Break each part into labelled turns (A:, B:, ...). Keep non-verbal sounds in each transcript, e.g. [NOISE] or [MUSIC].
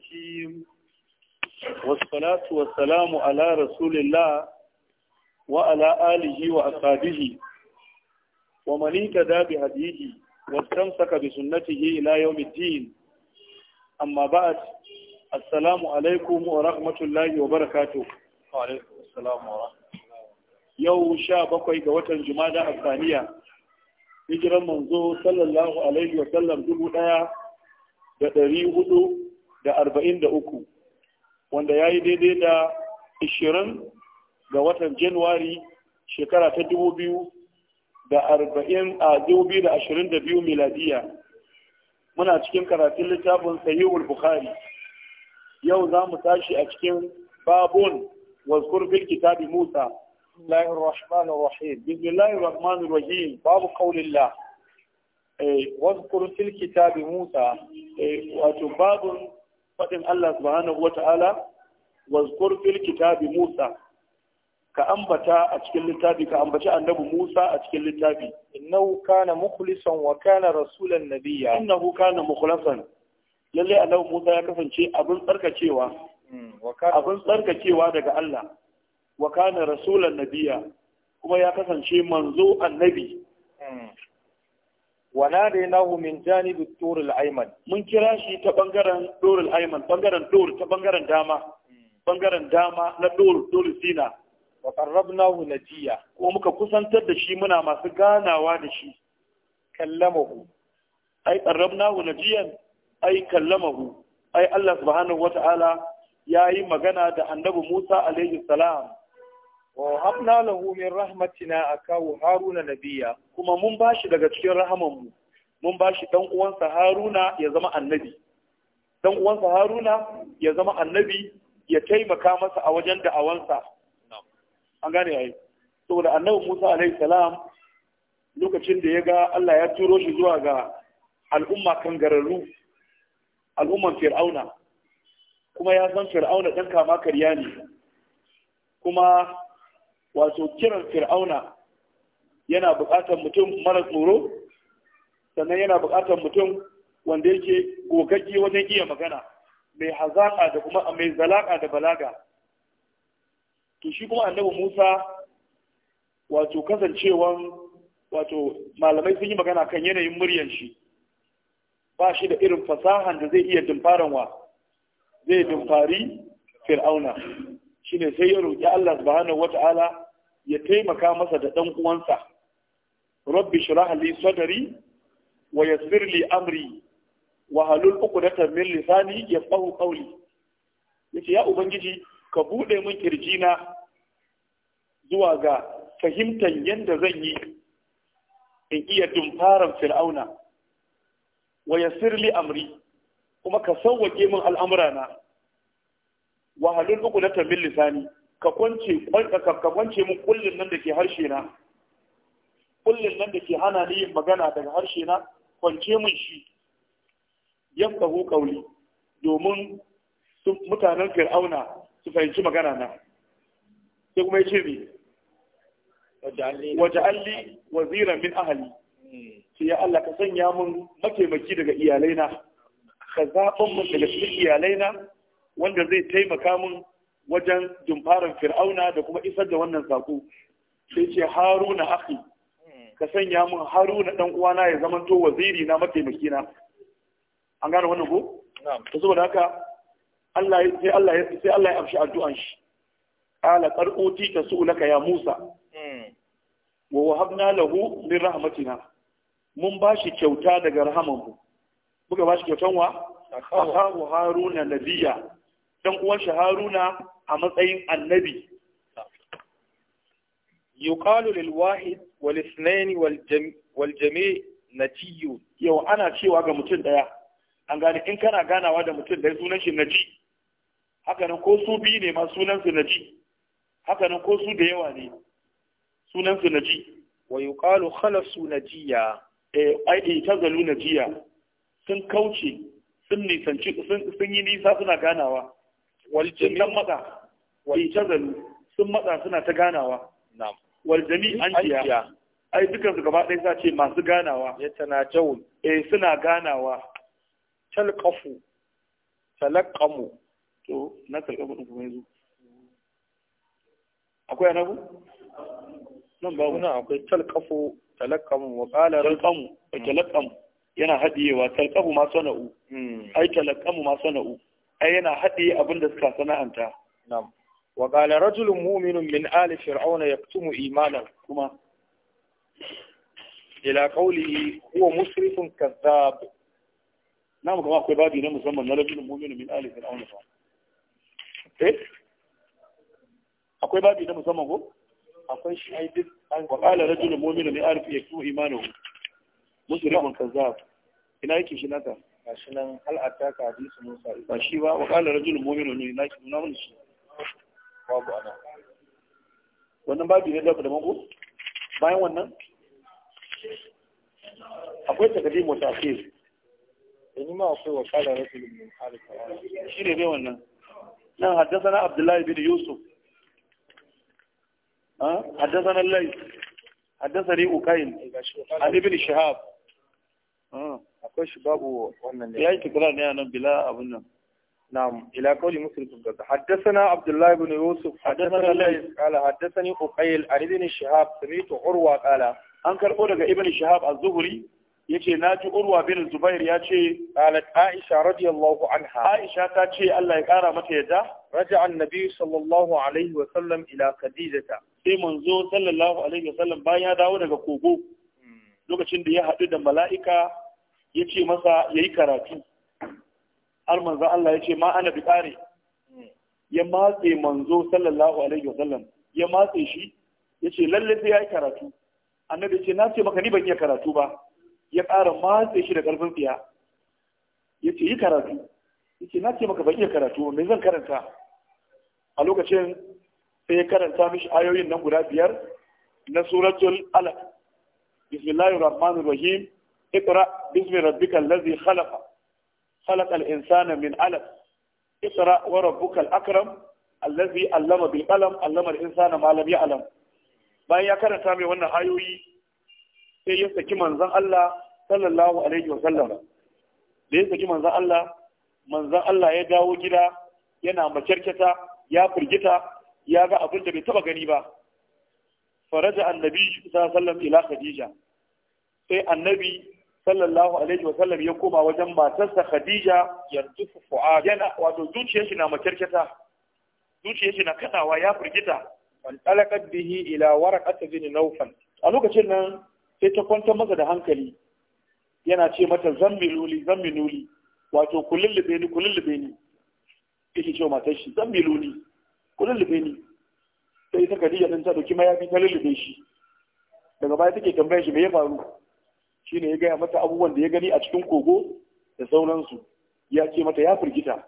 A: الرجيم والصلاة والسلام على رسول الله وعلى آله وأصحابه ومن اهتدى بهديه واستمسك بسنته إلى يوم الدين أما بعد السلام عليكم ورحمة الله وبركاته وعليكم السلام ورحمة الله يو شابك وقوة الجمادة الثانية hijiran manzo sallallahu alaihi wa sallam dubu ɗaya da ɗari hudu da arba'in da uku wanda ya yi daidai da ishirin ga watan januwari shekara ta dubu biyu da arba'in a dubu biyu da ashirin da biyu miladiya muna cikin karatun littafin sahihul bukhari yau za mu tashi a cikin babun wazkur bil kitabi musa بسم rahman rahim, bismillahir rahmanir rahim, babu الرحيم باب قول الله واذكر Musa الكتاب eh, wato babun faɗin Allah subhanahu wata'ala wazkur fil kitabi Musa ka ambata a cikin littafi ka ambaci annabi Musa a cikin littafi innahu kana mukhlishan wa kana rasulan nabiyya innahu kana mukhlishan lalle annabi Musa ya kasance abin tsarkakewa hmm, abin tsarkakewa daga Allah wa kana rasulan nabiyya kuma ya kasance manzo annabi hmm. wana da yana min da turul aiman mun kira shi ta bangaren turul aiman bangaren tur ta bangaren dama bangaren dama na tur tur sina wa qarrabnahu najiya ko muka kusantar da shi muna masu ganawa da shi kallamahu ai na jiyan? ai kallamahu ai Allah subhanahu wata'ala yi magana da annabi Musa alaihi salam وهبنا له من رحمتنا أكاو هارون نبيا كما من باشي daga cikin rahamanmu mun bashi dan uwansa Haruna ya zama annabi dan uwansa Haruna ya zama annabi ya taimaka masa a wajen da'awansa an gane yayi saboda annabi Musa alaihi salam lokacin da ya ga Allah ya turo shi zuwa ga al'umma kangararru al'umman fir'auna kuma ya san fir'auna dan kama karya ne kuma wato kiran fir'auna yana buƙatar mutum mara tsoro sannan yana buƙatar mutum wanda yake gogagge wajen iya magana mai hazaƙa da kuma mai zalaƙa da balaga to shi kuma annabi Musa wato kasancewan wato malamai sun yi magana kan yanayin muryan shi ba shi da irin fasahan da zai iya dimfaran wa zai dimfari fir'auna shine sai ya roƙi Allah subhanahu wata'ala ya taimaka masa da ɗan uwansa rabbi shrah li sadri wa yassir li amri wa halul uqdata min lisani yafqahu qawli yace ya ubangiji ka bude min kirjina zuwa ga fahimtar yadda zan yi in iya dumfaran fir'auna wa yassir li amri kuma ka sauwaƙe min al'amurana wa uku na tambin lisani ka kwance ka kwance mun kullun nan dake harshe na kullun nan dake hana ni magana daga harshe na kwance mun shi hu kauli domin mutanen fir'auna su fahimci magana na sai kuma yace mi waja'alli waziran min ahli sai ya Allah ka sanya mun mataimaki daga iyalaina ka zaɓan mun daga cikin iyalaina wanda zai taimaka min wajen dumfarar fir'auna da kuma isar da wannan saƙo sai ce haruna akhi ka sanya min haruna dan uwana ya to waziri na mataimaki na an gane wannan ko to saboda haka Allah sai Allah ya sai Allah ya amshi addu'an shi ala qar'uti utita su'laka ya Musa hmm. wa wahabna lahu min rahmatina mun bashi kyauta daga rahamanku muka bashi kyautan wa akahu haruna nabiyya dan uwan shi Haruna a matsayin annabi yuqalu lil wahid wal ithnain wal jami' natiyun yau ana cewa ga mutum daya an gane in kana ganawa da mutum dai sunan shi naji haka nan ko su biyu ne ma sunan su naji haka nan ko su da yawa ne sunan su naji wa yuqalu khalasu najiya eh ai tazalu najiya sun kauce sun nisanci sun yi nisa suna ganawa nan matsa wal sun matsa suna ta ganawa Waljami an jiya ai dukkan su gaba ɗaya za ce masu ganawa ya tanajawul eh suna ganawa talqafu talaqamu to na talqamu din kuma yanzu akwai anabu nan babu nan akwai talqafu talaqamu wa qala talqamu talaqamu mm. yana hadiyewa talqafu ma sana'u mm. ai talaqamu ma sana'u ai yana haɗe abin da suka sana'anta Nam. wa qala rajulun mu'minun min ali fir'auna yaktumu imanan kuma ila qawlihi huwa musrifun kadhab Nam kuma akwai babi na musamman na rajulun mu'minun min ali fir'auna fa eh akwai babi na musamman ko akwai shi ai duk an wa qala rajulun mu'minun min ali yaktumu imanan musrifun kadhab ina yake shi nata? gashi nan hal ataka hadisu Musa ba shi ba wa qala rajul mu'minun ne naki nuna mun shi babu ana wannan babu ne da mako bayan wannan akwai takaddi mu tafsir
B: eh, in ma akwai wa qala rajul min halik shi ne
A: wannan nan haddathana Abdullahi bin Yusuf ha haddathana Layth حدثني أكيل عن ابن شهاب آه. akwai shi babu wannan ne ya yi tikrar ne a nan bila abin nan نعم إلى قول مسلم بن حدثنا عبد الله بن يوسف حدثنا ليس قال حدثني أقيل عن ابن الشهاب سمعت عروة قال أنكر أولك ابن الشهاب الزهري yace na ji urwa bin zubair ya ce aisha radiyallahu anha aisha ta ce Allah ya kara mata yadda raja annabi sallallahu alaihi wa sallam ila khadijata sai manzo sallallahu alaihi wa sallam bayan ya dawo daga kogo hmm. lokacin da ya haɗu da mala'ika ya ce masa ya yi karatu har Allah ya ce ma ana bi ƙare ya matse manzo sallallahu alaihi wa sallam ya matse shi ya ce lalle sai ya yi karatu annabi ce na ce maka ni ban yi karatu ba ya ƙara matse shi da ƙarfin tsiya ya ce yi karatu ya ce na ce maka ban yi karatu ba zan karanta a lokacin sai ya karanta mishi ayoyin nan guda biyar na suratul alaq bismillahir rahmanir rahim اقرأ باسم ربك الذي خلق خلق الإنسان من علم اقرأ وربك الأكرم الذي علم بالقلم علم الإنسان ما لم يعلم bayan ya karanta mai wannan ayoyi sai ya saki manzon Allah sallallahu alaihi wa sallama da ya saki manzon Allah manzon Allah ya dawo gida yana makyarkata ya firgita ya ga abin da bai taba gani ba faraja annabi sallallahu alaihi wa sallam ila khadija sai annabi sallallahu alaihi wa sallam ya koma wajen matarsa Khadija yanzu fu'ad yana wato zuciyar shi na makarkata zuciyar shi na kadawa ya firgita an talaqat bihi ila waraqat bin nawfal a lokacin nan sai ta kwantar masa da hankali yana ce mata zambiluli zambiluli wato kullullube ni kullullube ni yake ce matar shi zambiluli kullullube ni sai ta Khadija din ta dauki mayafi ta lullube shi daga baya take tambayar shi me ya faru shine ya gaya mata abubuwan da ya gani a cikin kogo da sauransu ya ce mata ya firgita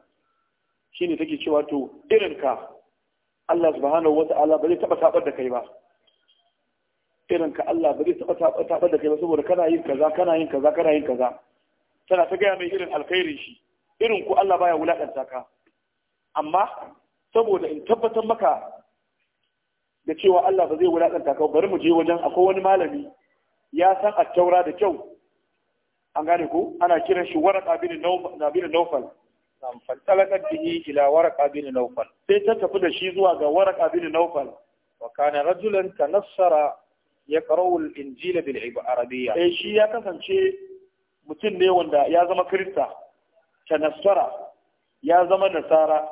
A: shine take cewa to irin ka Allah subhanahu wata'ala ba zai taba tabar da kai ba irin ka Allah ba zai taba tabar da kai ba saboda kana yin kaza kana yin kaza kana yin kaza tana ta gaya mai irin alkhairin shi irin ku Allah baya wulakanta ka amma saboda in tabbatar maka da cewa Allah ba zai wulakanta ka bari mu je wajen akwai wani malami ya san attaura da kyau an gane ku. ana kiran shi waraka bin naufal fantalakar bihi ila waraka bin naufal sai ta tafi da shi zuwa ga waraka bin naufal wa kana rajulan tanassara ya al injil bil arabiyya eh shi ya kasance mutum ne wanda ya zama kirista tanassara ya zama nasara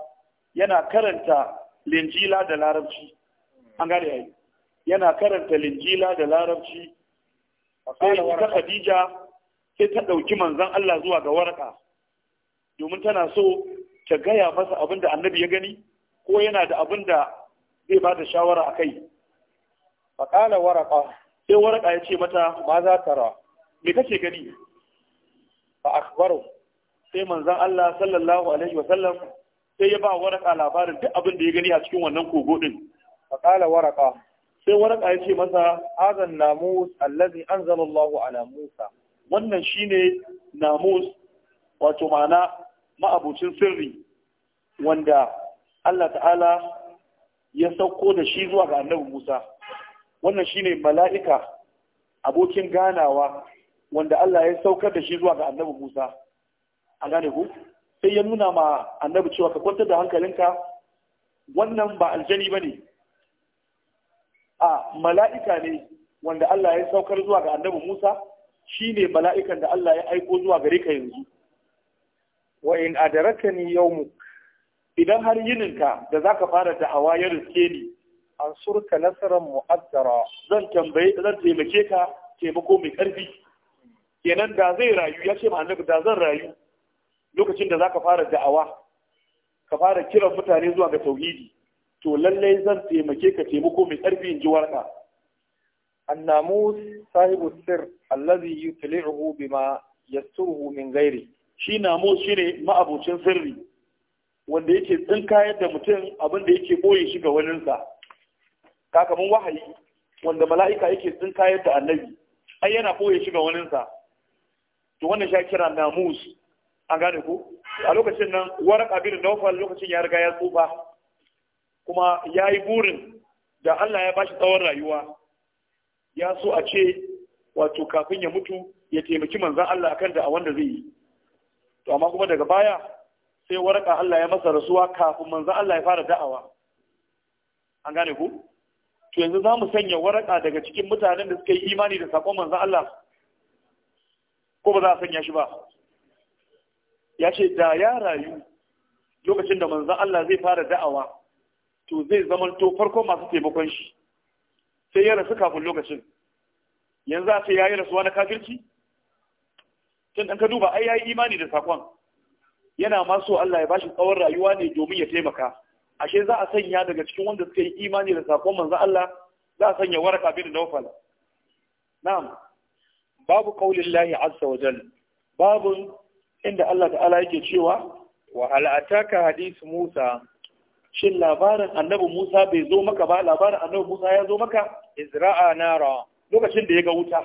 A: yana karanta linjila da larabci an gane yana karanta linjila da larabci sai ita Khadija sai ta ɗauki manzon Allah zuwa ga waraka domin tana so ta gaya masa abin da annabi ya gani ko yana da abin da zai ba da shawara a kai faƙala waraka sai waraka ya ce mata ma za ta ra me kake gani fa akhbaru sai manzon Allah sallallahu alaihi wa sallam sai ya ba waraka labarin duk abin da ya gani a cikin wannan kogo din faƙala waraka sai wani ya ce masa azan namus allazi zama Allahu ala Musa wannan shine namus wato ma'ana ma'abucin sirri wanda Allah ta'ala ya sauko da shi zuwa ga annabi Musa wannan shine mala'ika abokin ganawa wanda Allah ya saukar da shi zuwa ga annabi Musa a gane ku sai ya nuna ma annabi cewa ka kwantar da hankalinka wannan ba aljani ba ne. a mala'ika ne wanda Allah ya saukar zuwa ga annabi Musa shi ne mala'ikan da Allah ya aiko zuwa gare ka yanzu wa in adaraka yau mu. idan har yininka da za ka fara da'awa ya riske ni an surka nasarar mu'azzara zan tambaye zan taimake ka taimako mai ƙarfi. kenan da zai rayu ya ce ma annabi da zan rayu lokacin da zaka fara da'awa ka fara kiran mutane zuwa ga tauhidi to lallai zan taimake ka taimako mai ƙarfi in ji warka annamus sahibu sir allazi yutli'uhu bima yasturuhu min ghairi shi namus shine ma'abucin sirri wanda yake tsinka da mutum abin da yake boye shi ga wani sa. kakamin wahayi wanda mala'ika yake tsinka da annabi ai yana boye shi ga wani sa. to wannan shi kira namus an gane ko a lokacin nan warqa bin nawfal lokacin ya riga ya tsufa kuma ya yi burin da Allah ya bashi tsawon rayuwa ya so a ce wato kafin ya mutu ya taimaki manzan Allah kan da a wanda zai yi to amma kuma daga baya sai waraka Allah ya masa rasuwa kafin manzan Allah ya fara da'awa an gane ku to yanzu za mu sanya waraka daga cikin mutanen da suka yi imani da sakon manzan Allah ko ba za a sanya shi ba ya ce da ya rayu lokacin da manzan Allah zai fara da'awa to zai zamanto farko masu taimakon shi sai ya rasu kafin lokacin yanzu a ya yi rasuwa na kafirci tun ɗan ka duba ai ya yi imani da sakon yana maso Allah ya bashi tsawon rayuwa ne domin ya taimaka ashe za a sanya daga cikin wanda suka yi imani da sakon manzo Allah za a sanya waraka bin nawfal na'am babu qaulin lahi azza wa jalla babu inda Allah ta'ala yake cewa wa hal ataka hadith Musa shin labarin annabi Musa bai zo maka ba labarin annabi Musa ya zo maka izra'a nara lokacin da ya ga wuta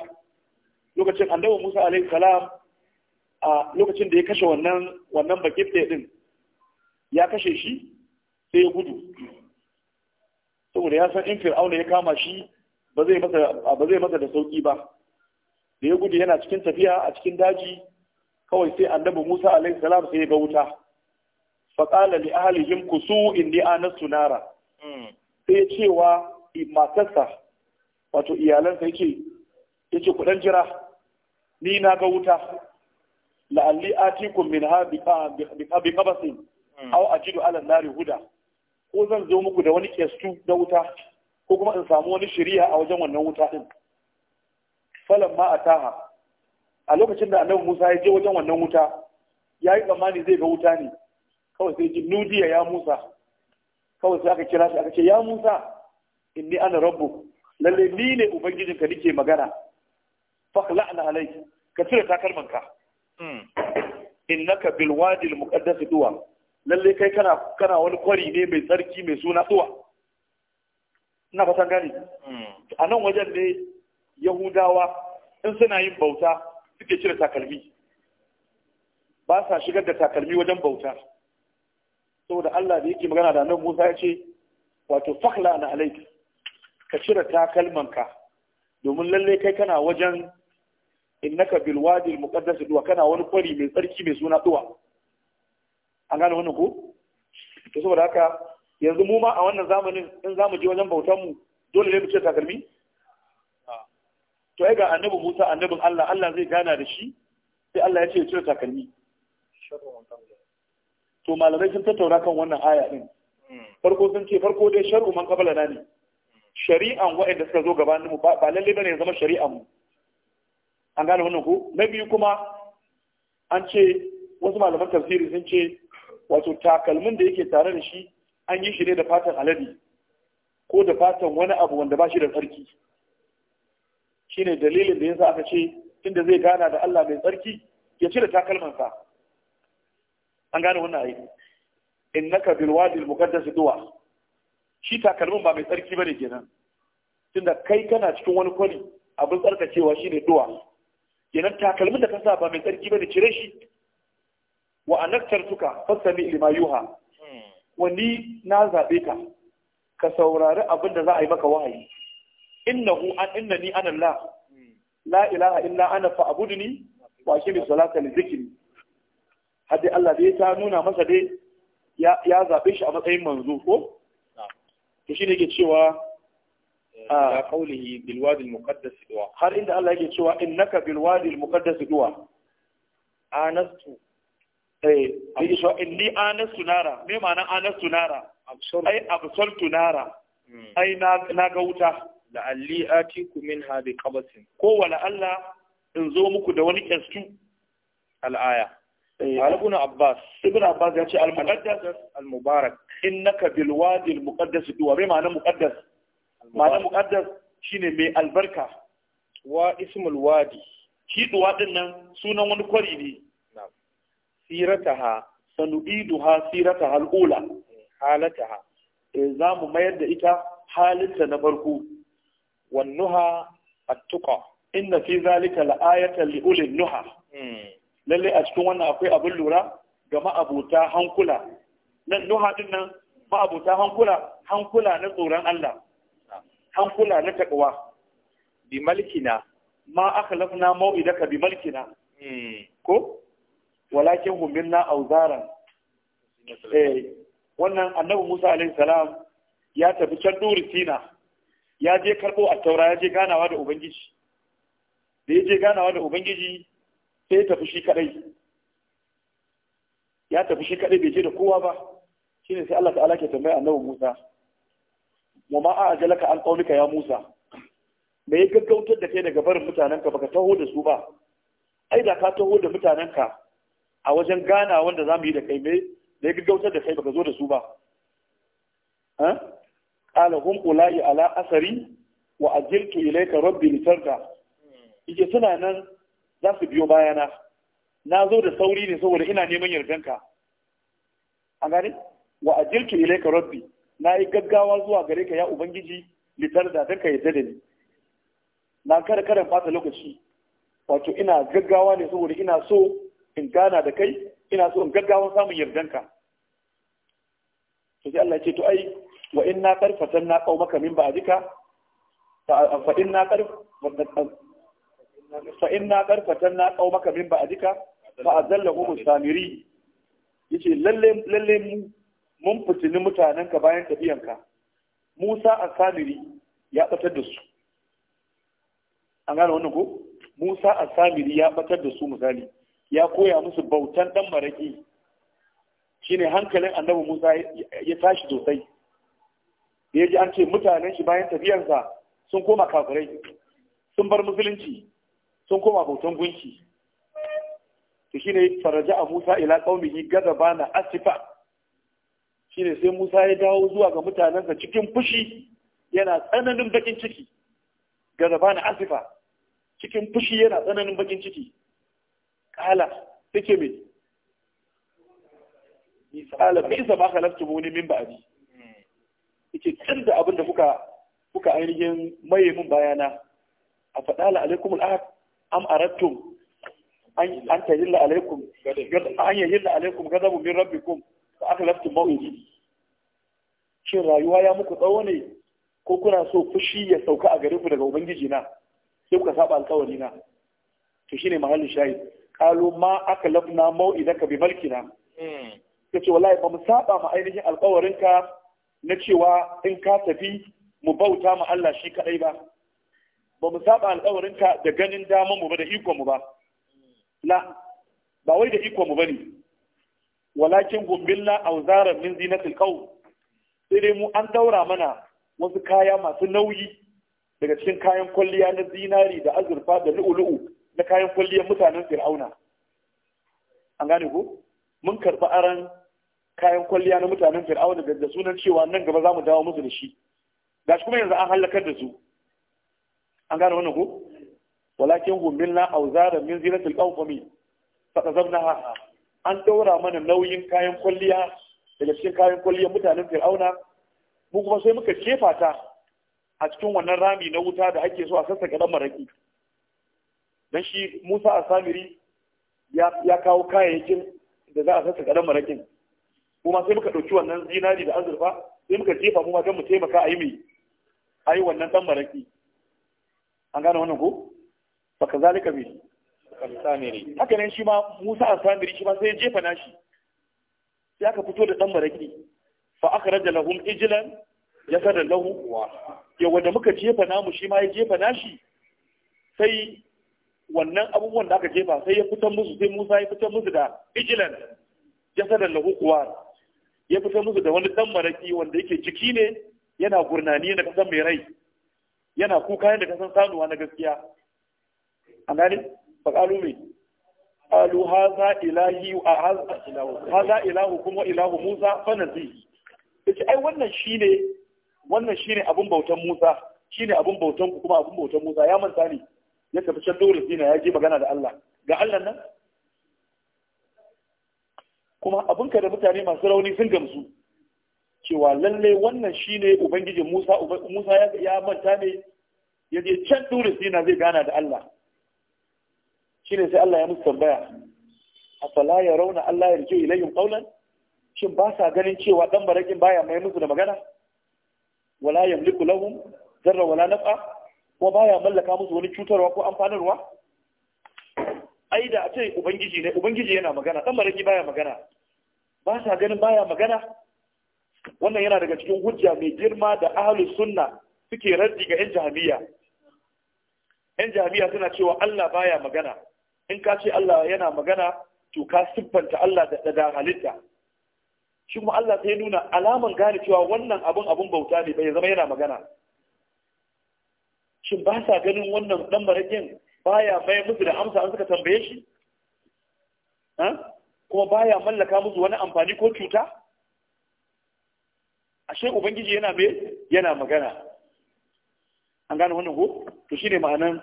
A: lokacin annabi Musa alaihi salam a lokacin da ya kashe wannan wannan bakifte din ya kashe shi sai ya gudu saboda ya san in fir'auna ya kama shi ba zai masa ba zai masa da sauki ba da ya gudu yana cikin tafiya a cikin daji kawai sai annabi Musa alaihi salam sai ya ga wuta faƙala li ahalihim ku su inni anastu sunara. Hmm. sai cewa matarsa wato iyalansa yake yake ku jira ni na ga wuta la'alli atikum ha bi qabasin hmm. aw ajidu ala nari huda ko zan zo muku da wani kestu da wuta ko kuma in samu wani shiriya a wajen wannan wuta din falan ma ataha a lokacin da annabi Musa ya je wajen wannan wuta yayi tsammani zai ga wuta ne kawai sai ji nudiya ya musa kawai sai aka kira shi aka ce ya musa inni ana rabbu lalle ni ne ubangijinka nike magana na alayk ka cire takalmanka hmm. innaka bil wadi al muqaddas duwa lalle kai kana kana wani kwari ne mai tsarki mai suna duwa ina fatan gani hmm. a nan wajen ne yahudawa in suna yin bauta suke cire takalmi ba sa shigar da takalmi wajen bauta saboda Allah da yake magana da nan Musa ya ce wato fakla na alayka ka cire takalmanka domin lalle kai kana wajen innaka bil wadi al muqaddas duwa kana wani kwari mai tsarki mai suna duwa an gane wannan ko to saboda haka yanzu mu ma a wannan zamanin in zamu je wajen bautan mu dole ne mu cire takalmi to ai ga annabi Musa annabin Allah Allah zai gana da shi sai Allah ya ce ya cire takalmi to malamai sun tattauna kan wannan aya din farko sun ce farko dai shar'u man na ne shari'an wa'anda suka zo gabanin mu ba lalle bane ya zama shari'an mu an gane wannan ko na biyu kuma an ce wasu malaman tafsiri sun ce wato takalmin da yake tare da shi an yi shi ne da fatan alade ko da fatan wani abu wanda ba shi da tsarki shine dalilin da yasa aka ce inda zai gana da Allah mai tsarki ya ci cire takalmansa an gane wannan ayi innaka bil wadi al muqaddas duwa shi takalmin ba mai tsarki bane kenan tunda kai kana cikin wani kwari abin tsarkakewa shine duwa kenan takalmin da ka sa ba mai tsarki bane cire shi wa anaktartuka fasami lima yuha wani na zaɓe ka ka saurari abin da za a yi maka wahayi innahu an innani ana la la ilaha illa ana fa'budni wa aqimi salata li dhikri Haddi Allah dai ta nuna masa dai ya zaɓe shi a matsayin manzo ko to shi ne ke cewa eh, ah, a kaulihi bilwadin muqaddas duwa har inda Allah yake cewa in naka bilwadin muqaddas duwa anastu eh yake cewa ni anastu nara me nan anastu nara ai absoltu nara hmm. ai na ga wuta la'alli atiku minha bi kabasin. ko wala Allah in zo muku da wani kyastu al'aya Ibn Abbas Ibn Abbas ya ce al-muqaddas al-mubarak In bil wadi al-muqaddas duwa bai ma'ana muqaddas ma'ana muqaddas ne mai albarka wa ismul wadi shi duwa din nan sunan wani kwari ne ha! sirataha sanu'iduha sirataha al-ula halataha za mu mayar da ita halinta na farko wannuha at-tuqa inna fi zalika la'ayatan li ulil nuha lalle a cikin wannan akwai abin lura ga ma'abuta hankula nan nuha din nan ma'abuta hankula hankula na tsoron Allah hankula na takwa bi malkina ma akhlafna mau'idaka bi malkina hmm. ko walakin humilna auzaran eh wannan annabi Musa alaihi salam ya tafi can duri Sina ya je karbo a taura ya je ganawa da ubangiji da ya je ganawa da ubangiji sai ya tafi shi kadai ya tafi shi kadai bai je da kowa ba shine sai Allah ta'ala ke tambaya annabi Musa wa ma ajalaka an qaulika ya Musa me ya gaggautar da kai daga barin mutanenka baka taho da su ba ai da ka taho da mutanenka a wajen gana wanda za mu yi da kai me da ya gaggautar da kai baka zo da su ba qala hum ulai ala asari wa ajiltu ilayka rabbi litarda ije suna nan za su biyo bayana na zo da sauri ne saboda ina neman yardanka A gani? wa ajiltu ilayka rabbi na yi gaggawa zuwa gare ka ya ubangiji litar da ka yarda da ni na kada kada fata lokaci wato ina gaggawa ne saboda ina so in gana da kai ina so in gaggawa samun yardanka sai Allah ya ce to ai wa inna karfatan na qaumaka min ba'dika fa inna qarf fa inna karfatan na maka min ba a fa azallahu samiri yace lalle lalle mu mun fitini mutanen ka bayan tafiyanka Musa as-Samiri ya batar da su an gane wannan ko Musa as-Samiri ya batar da su misali ya koya musu bautan dan maraki shine hankalin annabi Musa ya tashi sosai da ya ji an ce mutanen shi bayan tafiyansa sun koma kafirai sun bar musulunci sun koma bautan gunki to shine faraja a Musa ila qaumihi na asifa shine sai Musa ya dawo zuwa ga mutanensa cikin fushi yana tsananin bakin ciki na asifa cikin fushi yana tsananin bakin ciki kala take me misala bisa ba halaftu muni min ba'di yake tunda abin da kuka kuka ainihin maye min bayana a faɗala alaikum ahad. am arattum an tahilla alaikum an yajilla alaikum gadabu min rabbikum fa akhlaftum mawidi shin rayuwa ya muku tsawo ne ko kuna so fushi ya sauka a gare ku daga ubangiji na sai kuka saba alkawari na to shine mahallin shahid qalu ma akhlafna mawidaka bi malkina kace hmm. wallahi ba mu saba ma ainihin alkawarinka na cewa in ka tafi mu bauta ma Allah shi kadai ba ba mu saba alƙawarinka da ganin daman mu ba da ikon mu ba la ba wai da ikon mu ne walakin gumbilla auzaran min zinatil qaw sai dai mu an daura mana wasu kaya masu nauyi daga cikin kayan kwalliya na zinari da azurfa da lu'ulu'u na kayan kwalliyar mutanen fir'auna an gane ko mun karɓi aran kayan kwalliya na mutanen fir'auna da sunan cewa nan gaba za mu dawo musu da shi gashi kuma yanzu an halakar da su an gane wannan ko walakin gumbilla auzara min zinatil qawmi fa qazabnaha an daura mana nauyin kayan kwalliya daga cikin kayan kulliya mutanen fir'auna mu kuma sai muka jefa ta a cikin wannan rami na wuta da ake so a sassaka dan maraki dan shi Musa Asamiri ya kawo kayayyakin da za a sassaka dan marakin kuma sai muka ɗauki wannan zinari da azurfa sai muka jefa mu don mu taimaka a yi mai a wannan dan maraki an gane wannan ko fa zalika bi samiri haka nan shi ma Musa al-Samiri shi ma sai ya jefa nashi sai aka fito da dan maraki fa akhraja lahum ijlan yasara lahu ya wanda muka jefa namu shi ma ya jefa nashi sai wannan abubuwan da aka jefa sai ya fitar musu sai Musa ya fitar musu da ijlan yasara lahu kuwa ya fitar musu da wani dan maraki wanda yake jiki ne yana gurnani na kasan mai rai yana kuka yadda ka san sanuwa na gaskiya A gane ba qalu mai qalu hadha ilahi wa hadha ilahu kuma ilahu musa fa nazi yace ai wannan shine wannan ne abin bautan musa shine abin bautan ku kuma abin bautan musa ya manta ne ya tafi can dole Zina ya je magana da Allah ga Allah nan kuma abinka da mutane masu rauni sun gamsu cewa lalle wannan shine ubangijin Musa Musa ya manta ne ya ce can dure sina zai gana da Allah shine sai Allah ya musu tambaya afala yarawna Allah yarji ilayhim qawlan shin ba sa ganin cewa dan barakin baya mai musu da magana wala yamliku lahum zarra wala naf'a ko baya mallaka musu wani cutarwa ko amfanarwa ai da a ce ubangiji ne ubangiji yana magana dan baraki baya magana ba sa ganin baya magana wannan yana daga cikin hujja mai girma da ahlus sunna suke raddi ga yan jahiliya yan jahiliya suna cewa Allah baya magana in ka ce Allah yana magana to ka siffanta Allah da da halitta shi kuma Allah sai nuna alaman gane cewa wannan abun abun bauta ne bai zama yana magana shin ba sa ganin wannan dan barakin baya mai musu da amsa an suka tambaye shi kuma baya mallaka musu wani amfani ko cuta ashe ubangiji yana me yana magana an gane wannan ko to shine ma'anan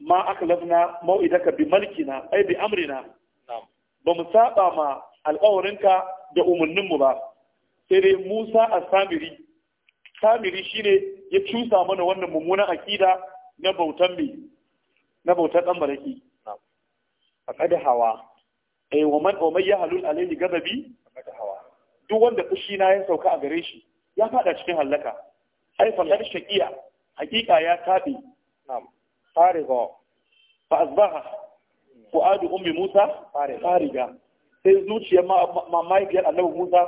A: ma aka lafna mau'idaka bi malkina ai bi amrina ba mu saba ma alƙawarinka da umarnin mu ba sai dai musa a samiri samiri shine ya cusa mana wannan mummunan akida na bautan mai na bautan dan baraki a kada hawa ai eh, wa man ya halul alaihi gadabi duk wanda fushi na ya sauka a gare shi ya fada cikin hallaka ai faqad shaqiya haqiqa ya tabi na'am fariga fa asbaha fuadu ummi musa fariga sai zuciyar biyar annabi musa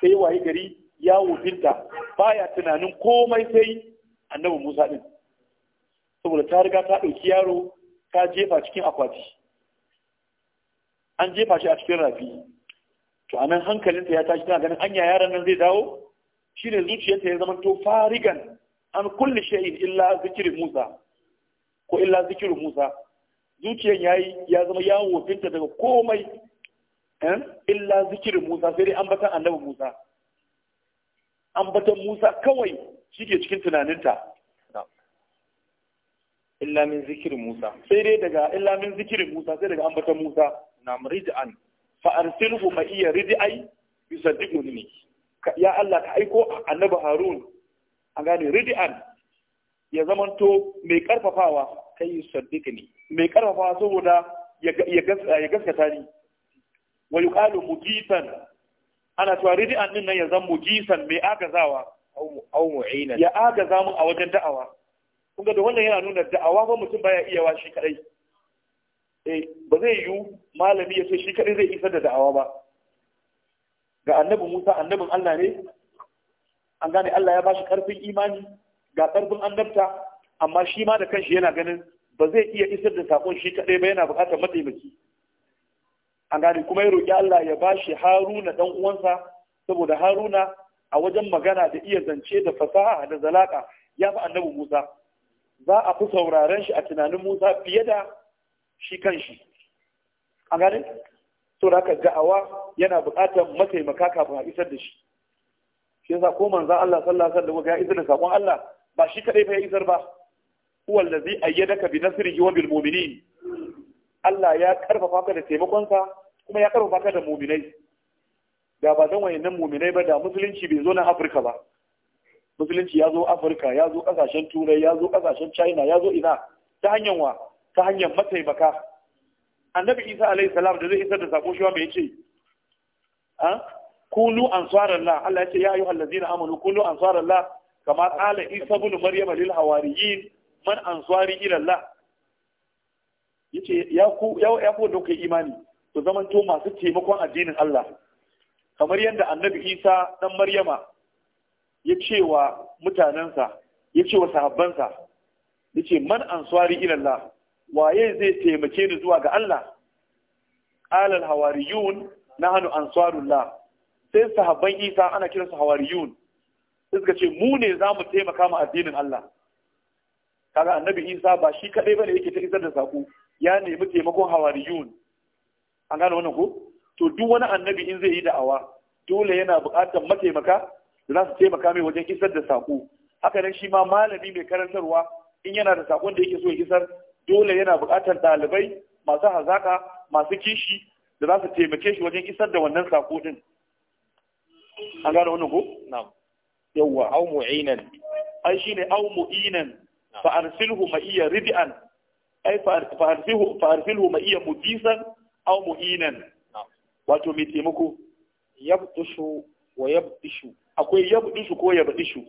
A: sai waye gari ya wufinta baya tunanin komai sai annabi musa din saboda ta riga ta ɗauki yaro ta jefa cikin akwati an jefa shi a cikin rafi to anan hankalinta ya tashi tana ganin anya yaran nan zai dawo ne zuciyarta ya zama to farigan an kulle shay'in illa zikirin Musa ko illa zikirin Musa zuciyar ya yi ya zama yawon wofinta daga komai eh? illa zikirin Musa sai dai ambatan annabi Musa ambatan Musa kawai shi ke cikin tunaninta illa min zikirin Musa sai dai daga illa min zikirin Musa sai daga ambatan Musa na an? fa arsilhu ma iya rid'ai yusaddiquni ya Allah ka aiko annabi Harun an gane ridi'an ya zamanto mai karfafawa kai saddiq ne mai karfafawa saboda ya gaskata ni wa yuqalu mujisan ana cewa ridi'an din nan ya zan mujisan mai agazawa au mu'ina ya agaza mu a wajen da'awa kun ga da wannan yana nuna da'awa ba mutum baya iya wa shi kadai eh ba zai yiwu malami ya ce shi kadai zai isar da da'awa ba ga annabi Musa annabin Allah ne an gane Allah ya bashi karfin imani ga karfin annabta amma shi ma da kanshi yana ganin ba zai iya isar da sakon shi kadai ba yana bukatar mataimaki an gane kuma ya roki Allah ya bashi Haruna dan uwansa saboda Haruna a wajen magana da iya zance da fasaha da zalaka ya fi annabi Musa za a fi sauraron shi a tunanin Musa fiye da shi kanshi an gane so da aka da'awa yana buƙatar mataimaka kafin a isar da shi shi yasa ko manzo Allah sallallahu alaihi wasallam ya isar da sakon Allah ba shi kadai fa ya isar ba huwa allazi ayyadaka bi nasrihi wa bil mu'minin Allah ya karfafa ka da taimakon sa kuma ya karfafa ka da mu'minai da ba dan wayannan mu'minai ba da musulunci bai zo nan Afirka ba musulunci ya zo Afirka ya zo kasashen Turai ya zo kasashen China ya zo ina ta hanyar wa ta hanyar mataimaka annabi isa alaihi salam da zai isar da sako shiwa wanda ya ce kunu ansarallah Allah ya ce ya ayyuhal ladina amanu kunu ansarallah kama qala isa ibn maryam lil hawariyin man ansari ila Allah yace ya ku ya ya ku doka imani to zaman to masu taimakon addinin Allah kamar yadda annabi isa dan maryama ya ce wa mutanansa, ya ce wa sahabbansa ya ce man ansari ila Allah waye zai taimake ni zuwa ga Allah alal hawariyun nahnu ansarullah sai sahabban Isa ana kiransu hawariyun sai suka ce mu ne zamu taimaka mu addinin Allah kaga annabi Isa ba shi kadai bane yake ta isar da sako ya nemi taimakon hawariyun an gane wannan ko to duk wani annabi in zai yi da'awa dole yana buƙatar mataimaka da za su taimaka mai wajen isar da sako haka nan shi ma malami mai karantarwa in yana da sakon da yake so ya isar dole yana buƙatar ɗalibai masu hazaƙa masu kishi da za su taimake shi wajen isar da wannan sako din an gane wannan ko na'am yawwa au mu'inan ai shine au mu'inan fa arsilhu ma iya ridan ai fa arsilhu fa arsilhu ma iya mudisan. au mu'inan wato mai taimako yabdishu wa yabdishu akwai yabdishu ko yabdishu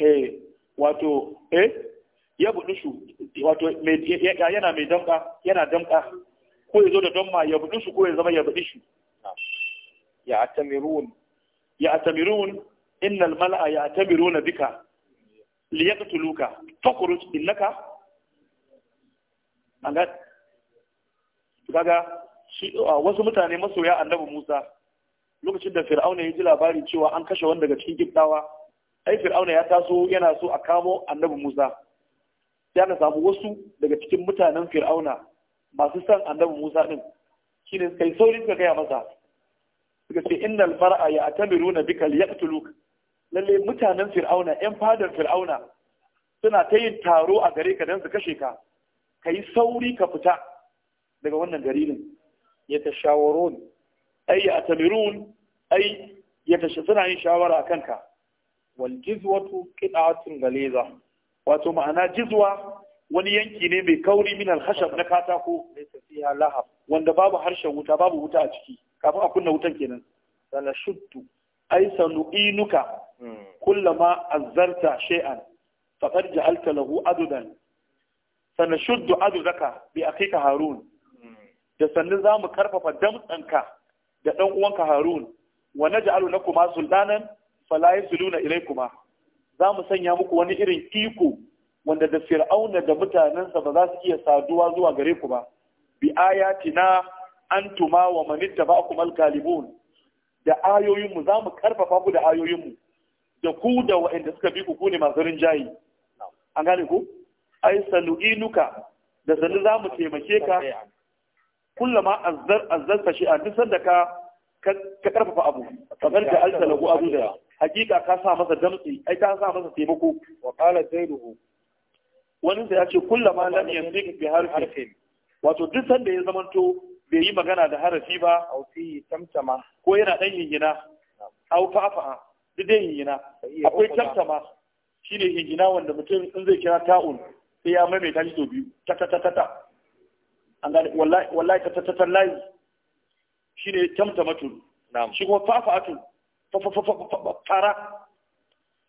A: eh wato eh ya su wato yana mai damka yana damka ko ya zo da damma ya su ko ya zama ya su ya atamirun ya atamirun innal mala'a ya atamiruna bika liyaqtuluka fakhruj innaka an ga kaga wasu mutane masoya annabi Musa lokacin da Fir'auna ya ji labari cewa an kashe wani daga cikin gidawa ai Fir'auna ya taso yana so a kamo annabi Musa sai aka samu wasu daga cikin mutanen fir'auna masu san annabi musa din shine suka yi saurin suka gaya masa suka ce innal mar'a ya atamiruna bika liyaqtuluk lalle mutanen fir'auna yan fadar fir'auna suna ta yin taro a gare ka don su kashe ka Ka yi sauri ka fita daga wannan gari din yatashawarun ay ya'tamirun ay yatasha suna yin shawara a ka wal jizwatu tun galiza wato ma'ana jizwa wani yanki ne mai kauri min alhashab na katako wanda babu harshen wuta babu wuta a ciki kafin a kunna wutan kenan sana shuddu ai sanu'inuka hmm. kullama azzarta shay'an faqad ja'alta lahu adudan sana shuddu adudaka bi akika harun hmm. da sannan zamu karfafa damtsanka da dan uwanka harun wa naj'alu lakuma sultanan fala yasluna ilaykuma za mu sanya muku wani irin iko wanda da fir'auna da mutanensa ba za su iya saduwa zuwa gare ku ba bi ayatina antuma wa man ittaba'akum al-ghalibun da ayoyin mu za mu karfafa ku da ayoyin mu da ku da wa'anda suka bi ku ku ne masu rinjayi an gane ku ai salu'inuka da sanu za mu taimake ka kullama azzar azzar shi a duk sanda ka ka karfafa abu kamar da alta lagu abu da hakika ka sa masa damtsi ai ka sa masa taimako wa qala zairuhu wani sai ya ce kullama lam yanzik bi harfin wato duk sanda ya zamanto bai yi magana da harafi ba aw fi tamtama ko yana dan yingina aw fafa duk dai yingina akwai tamtama shine yingina wanda mutum in zai kira ta'un sai ya maimaita shi sau biyu ta ta ta ta an ga wallahi ta ta ta layi shine na'am shi kuma fafa'atun fara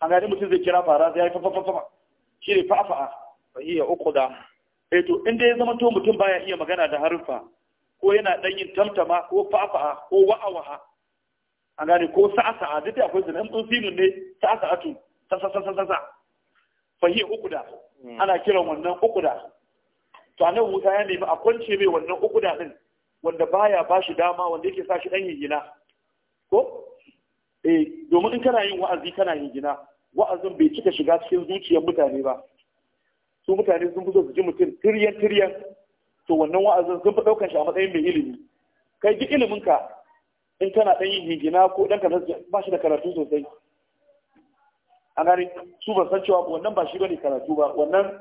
A: an gani mutum zai kira fara zai haifa fafafa shi ne fa'afa'a ba iya uku da eto inda ya zama to mutum baya iya magana da haruffa ko yana dan yin tamtama ko fa'afa'a ko wa'awaha an gani ko sa'asa'a duk akwai su nan tsinun ne sa'asa'atu sa'sa'sa'sa fa hiya uku da ana kiran wannan uku da to annabi Musa ya nemi a kwance mai wannan uku da din wanda baya ba shi dama wanda yake sa shi dan yingina ko eh domin in kana yin wa'azi kana yin gina wa'azin bai cika shiga cikin zuciyar mutane ba su mutane sun fito su ji mutum tiryan tiryan to wannan wa'azin sun fi ɗaukar shi a matsayin mai ilimi kai ji ilimin ka in kana ɗan yin hingina ko ɗan ka ba shi da karatu sosai a gani su ban san cewa wannan ba shi bane karatu ba wannan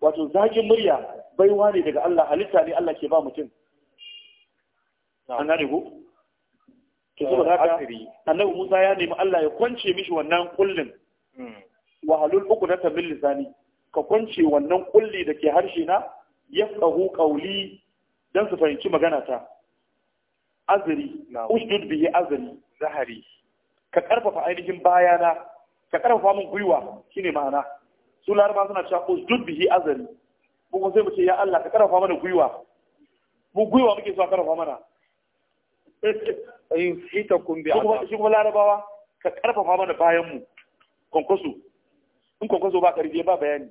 A: wato zagin murya baiwa ne daga Allah halitta ne Allah ke ba mutum an gane ko to saboda haka annabi Musa ya nemi Allah ya kwance mishi wannan kullin hmm. wa halul uqdatan min lisani ka kwance wannan kulli da ke harshe na Ya yafqahu qawli don su fahimci magana ta azri ushdud bihi azri zahari ka karfafa ainihin bayana ka karfafa min gwiwa shine ma'ana su laraba suna cewa ushdud bihi azri Kuma sai mu ce ya Allah ka karfafa mana gwiwa mu gwiwa muke so a karfafa mana [LAUGHS] kun bi azab shi kuma larabawa ka karfafa mana bayan mu konkoso in konkoso ba karfi ba bayani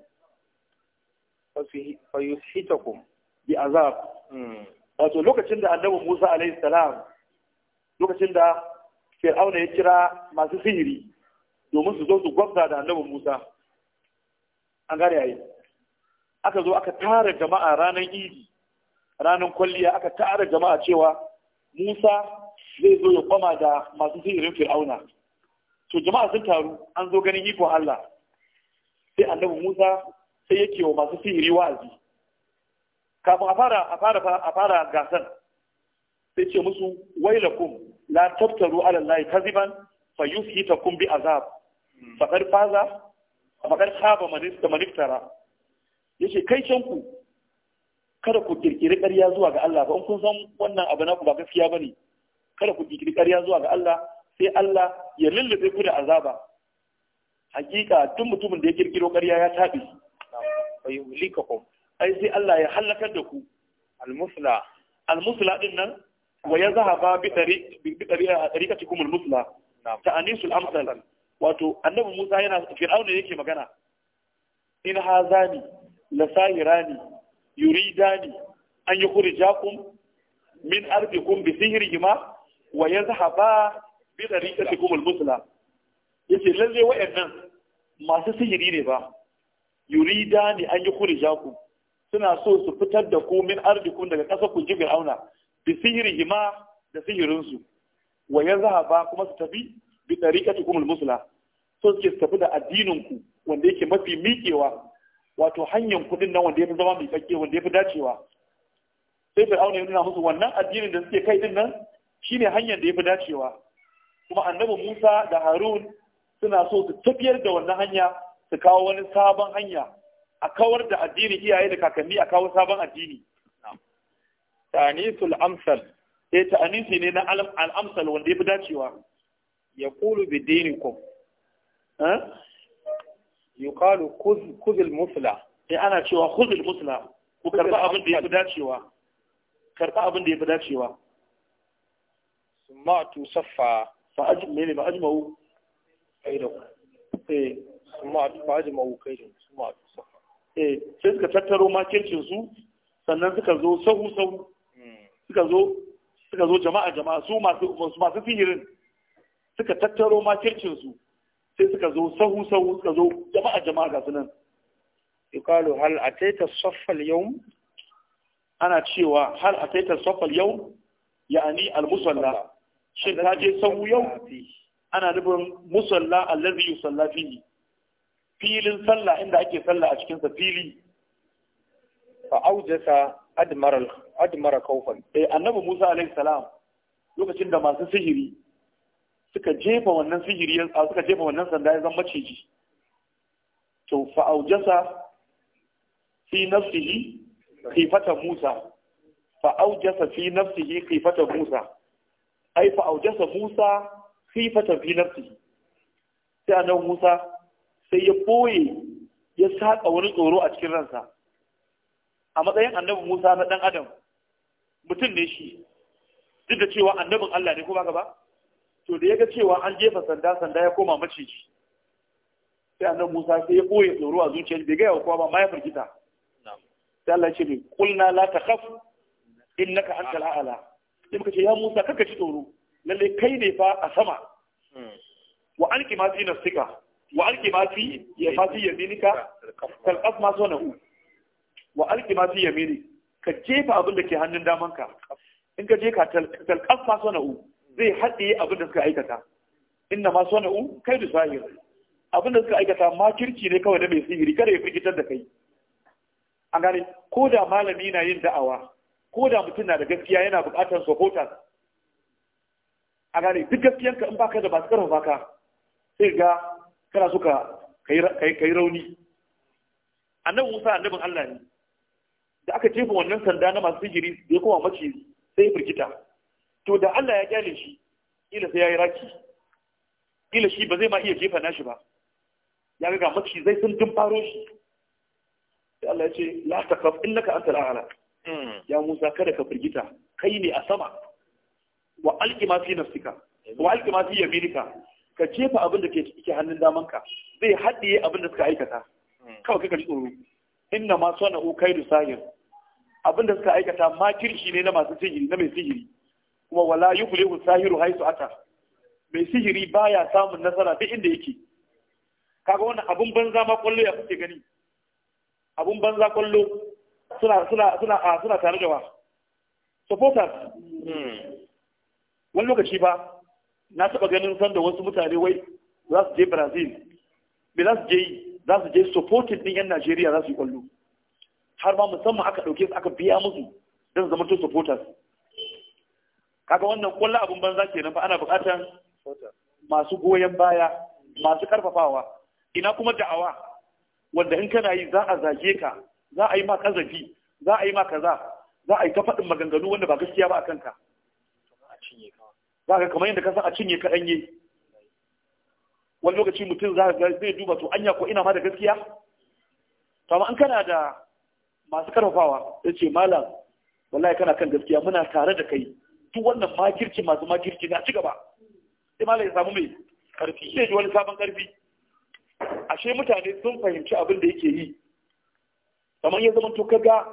A: fa yuhitakum bi azab hmm. wato lokacin da annabi Musa alaihi salam lokacin da Fir'auna ya kira masu sihiri domin su zo su gwamza da annabi Musa an gane yayi aka zo aka tara jama'a ranar idi ranar kwalliya aka tara jama'a cewa Musa zai zo ya kwama da masu sihirin fir'auna to jama'a sun taru an zo ganin ikon Allah sai annabi Musa sai yake wa masu sihiri wa'azi kafin a fara a fara a fara gasan sai ce musu wailakum la tabtaru ala Allah kaziban fa yufhitakum bi azab faqad faza faqad khaba man Ya yace kai can kada ku kirkiri ƙarya zuwa ga Allah ba in kun san wannan abu na ku ba gaskiya bane kada ku jikiri ƙarya zuwa ga Allah sai Allah ya lullube ku da azaba hakika tun mutumin da ya kirkiro ƙarya ya tabi ai sai Allah ya halakar da ku al-musla al-musla din nan wa ya zahaba bi tariqatikum al-musla al amsal wato annabi Musa yana fir'auna yake magana in hazani la sahirani yuridani an yukhrijakum min ardikum bi sihrihima wa zahaba bi tariqatikum al-musla yace lalle wayannan masu sihiri ne ba yurida ne an yi ku suna so su fitar da ku min ardikum daga kasar ku jibir auna bi hima da sihirinsu wa zahaba kuma su tafi bi tariqatikum al-musla so suke su tafi da addinin ku wanda yake mafi miƙewa wato hanyar kudin nan wanda ya fi zama mai kakke wanda ya fi dacewa sai fir'auna ya nuna musu wannan addinin da suke kai din nan shine hanyar da ya fi dacewa kuma annabi musa da harun suna so su tafiyar da wannan hanya su kawo wani sabon hanya a kawar da addini iyaye da kakanni a kawo sabon addini ta'anisul amsal sai eh, ta'anisi ne na al'amsal wanda ya fi dacewa ya kulu bi dinikum yuqalu kuzil musla sai eh, ana cewa kuzil musla ku karɓi abin da dacewa abin da ya fi dacewa matu saffa fa ajmili ba ajmau kaidan eh matu fa ajmau kaidan matu saffa eh sai suka tattaro makircin su sannan suka zo sahu sahu suka zo suka zo jama'a jama'a su masu masu sihirin suka tattaro makircin su sai suka zo sahu sahu suka zo jama'a jama'a ga sunan yuqalu hal ataita saffa al-yawm ana cewa hal ataita saffa al-yawm ya'ani al-musalla shin ka je sahu yau ana nufin musalla allazi yusalla fihi filin sallah inda ake sallah a cikin sa fili fa aujasa admara admara kaufan eh annabi Musa alaihi salam lokacin da masu sihiri suka jefa wannan sihiri a suka jefa wannan sanda ya zama ciji to fa aujasa fi nafsihi khifata Musa fa aujasa fi nafsihi khifata Musa ai fa aujasa Musa sifatan fi nafsi sai annabi Musa sai ya boye ya saka wani tsoro a cikin ransa a matsayin annabi Musa na dan adam mutum ne shi duk da cewa annabin Allah ne ko ba ba to da ya ga cewa an jefa sanda sanda ya koma maciji sai annabi Musa sai ya boye tsoro a zuciyar bai gaya wa kowa ba ma ya firgita sai Allah ya ce mai kulna la takhaf innaka antal a'la sai muka ce ya Musa kaka ci tsoro lalle kai ne fa a sama hmm. wa alki ma fi nafsika wa alki ma fi ya ma fi yaminika kalqaf ma sunahu wa alki ma fi yamini ka jefa abin da ke hannun damanka in ka je ka kalqaf ma sunahu zai haɗe abin da suka aikata inna ma sunahu kai da sahir abin da suka aikata ma kirki ne kawai da mai sihiri kada ya fikitar da kai an gane ko da malami na yin da'awa ko da mutum na da gaskiya yana bukatar supporters a gane duk gaskiyanka in baka da basu karfafa ka sai ga kana so kai rauni annabi Musa annabin Allah ne da aka jefa wannan sanda na masu sihiri da ya koma sai firgita to da Allah ya kyale shi ila sai ya yi raki ila shi ba zai ma iya jefa nashi ba ya ga maki zai sun faro shi sai Allah ya ce la takaf innaka antal a'la Hmm. ya Musa kada ka firgita kai ne a sama wa alƙima fi nafsika
B: wa alƙima fi
A: yaminika ka jefa abin da ke cikin hannun damanka zai haɗiye abin da suka aikata hmm. kawai kai ji tsoro inna ma sana u kai sahir abin da suka aikata ma kirshi ne na masu sihiri na mai sihiri kuma wala yuflihu sahiru haisu ata mai sihiri baya samun nasara duk inda yake kaga wannan abun banza ma kwallo ya fice gani abun banza kwallo Ah, suna tare da wa supporters hmm. wani lokaci ba na taɓa ganin san da wasu mutane wai za su je brazil me za su je yi za su je supported ɗin yan najeriya za su yi kwallo har ma musamman aka ɗauke su aka biya musu don zama to supporters kaga wannan kwallo abin banza kenan fa ana buƙatar masu goyon baya masu karfafawa ina kuma da'awa wanda in kana yi za a zage ka za a yi ma kazafi za a yi ma kaza za a yi ta faɗin maganganu wanda ba gaskiya ba a kanka za ka kamar yadda ka san a cinye ka ɗanye wani lokaci mutum za ka zai duba to anya ko ina ma da gaskiya to amma in kana da masu karfafawa ya ce malam wallahi kana kan gaskiya muna tare da kai duk wannan makirci masu makirci na ci gaba sai malam ya samu mai karfi sai ji wani sabon karfi ashe mutane sun fahimci abin da yake yi kamar ya zama to kaga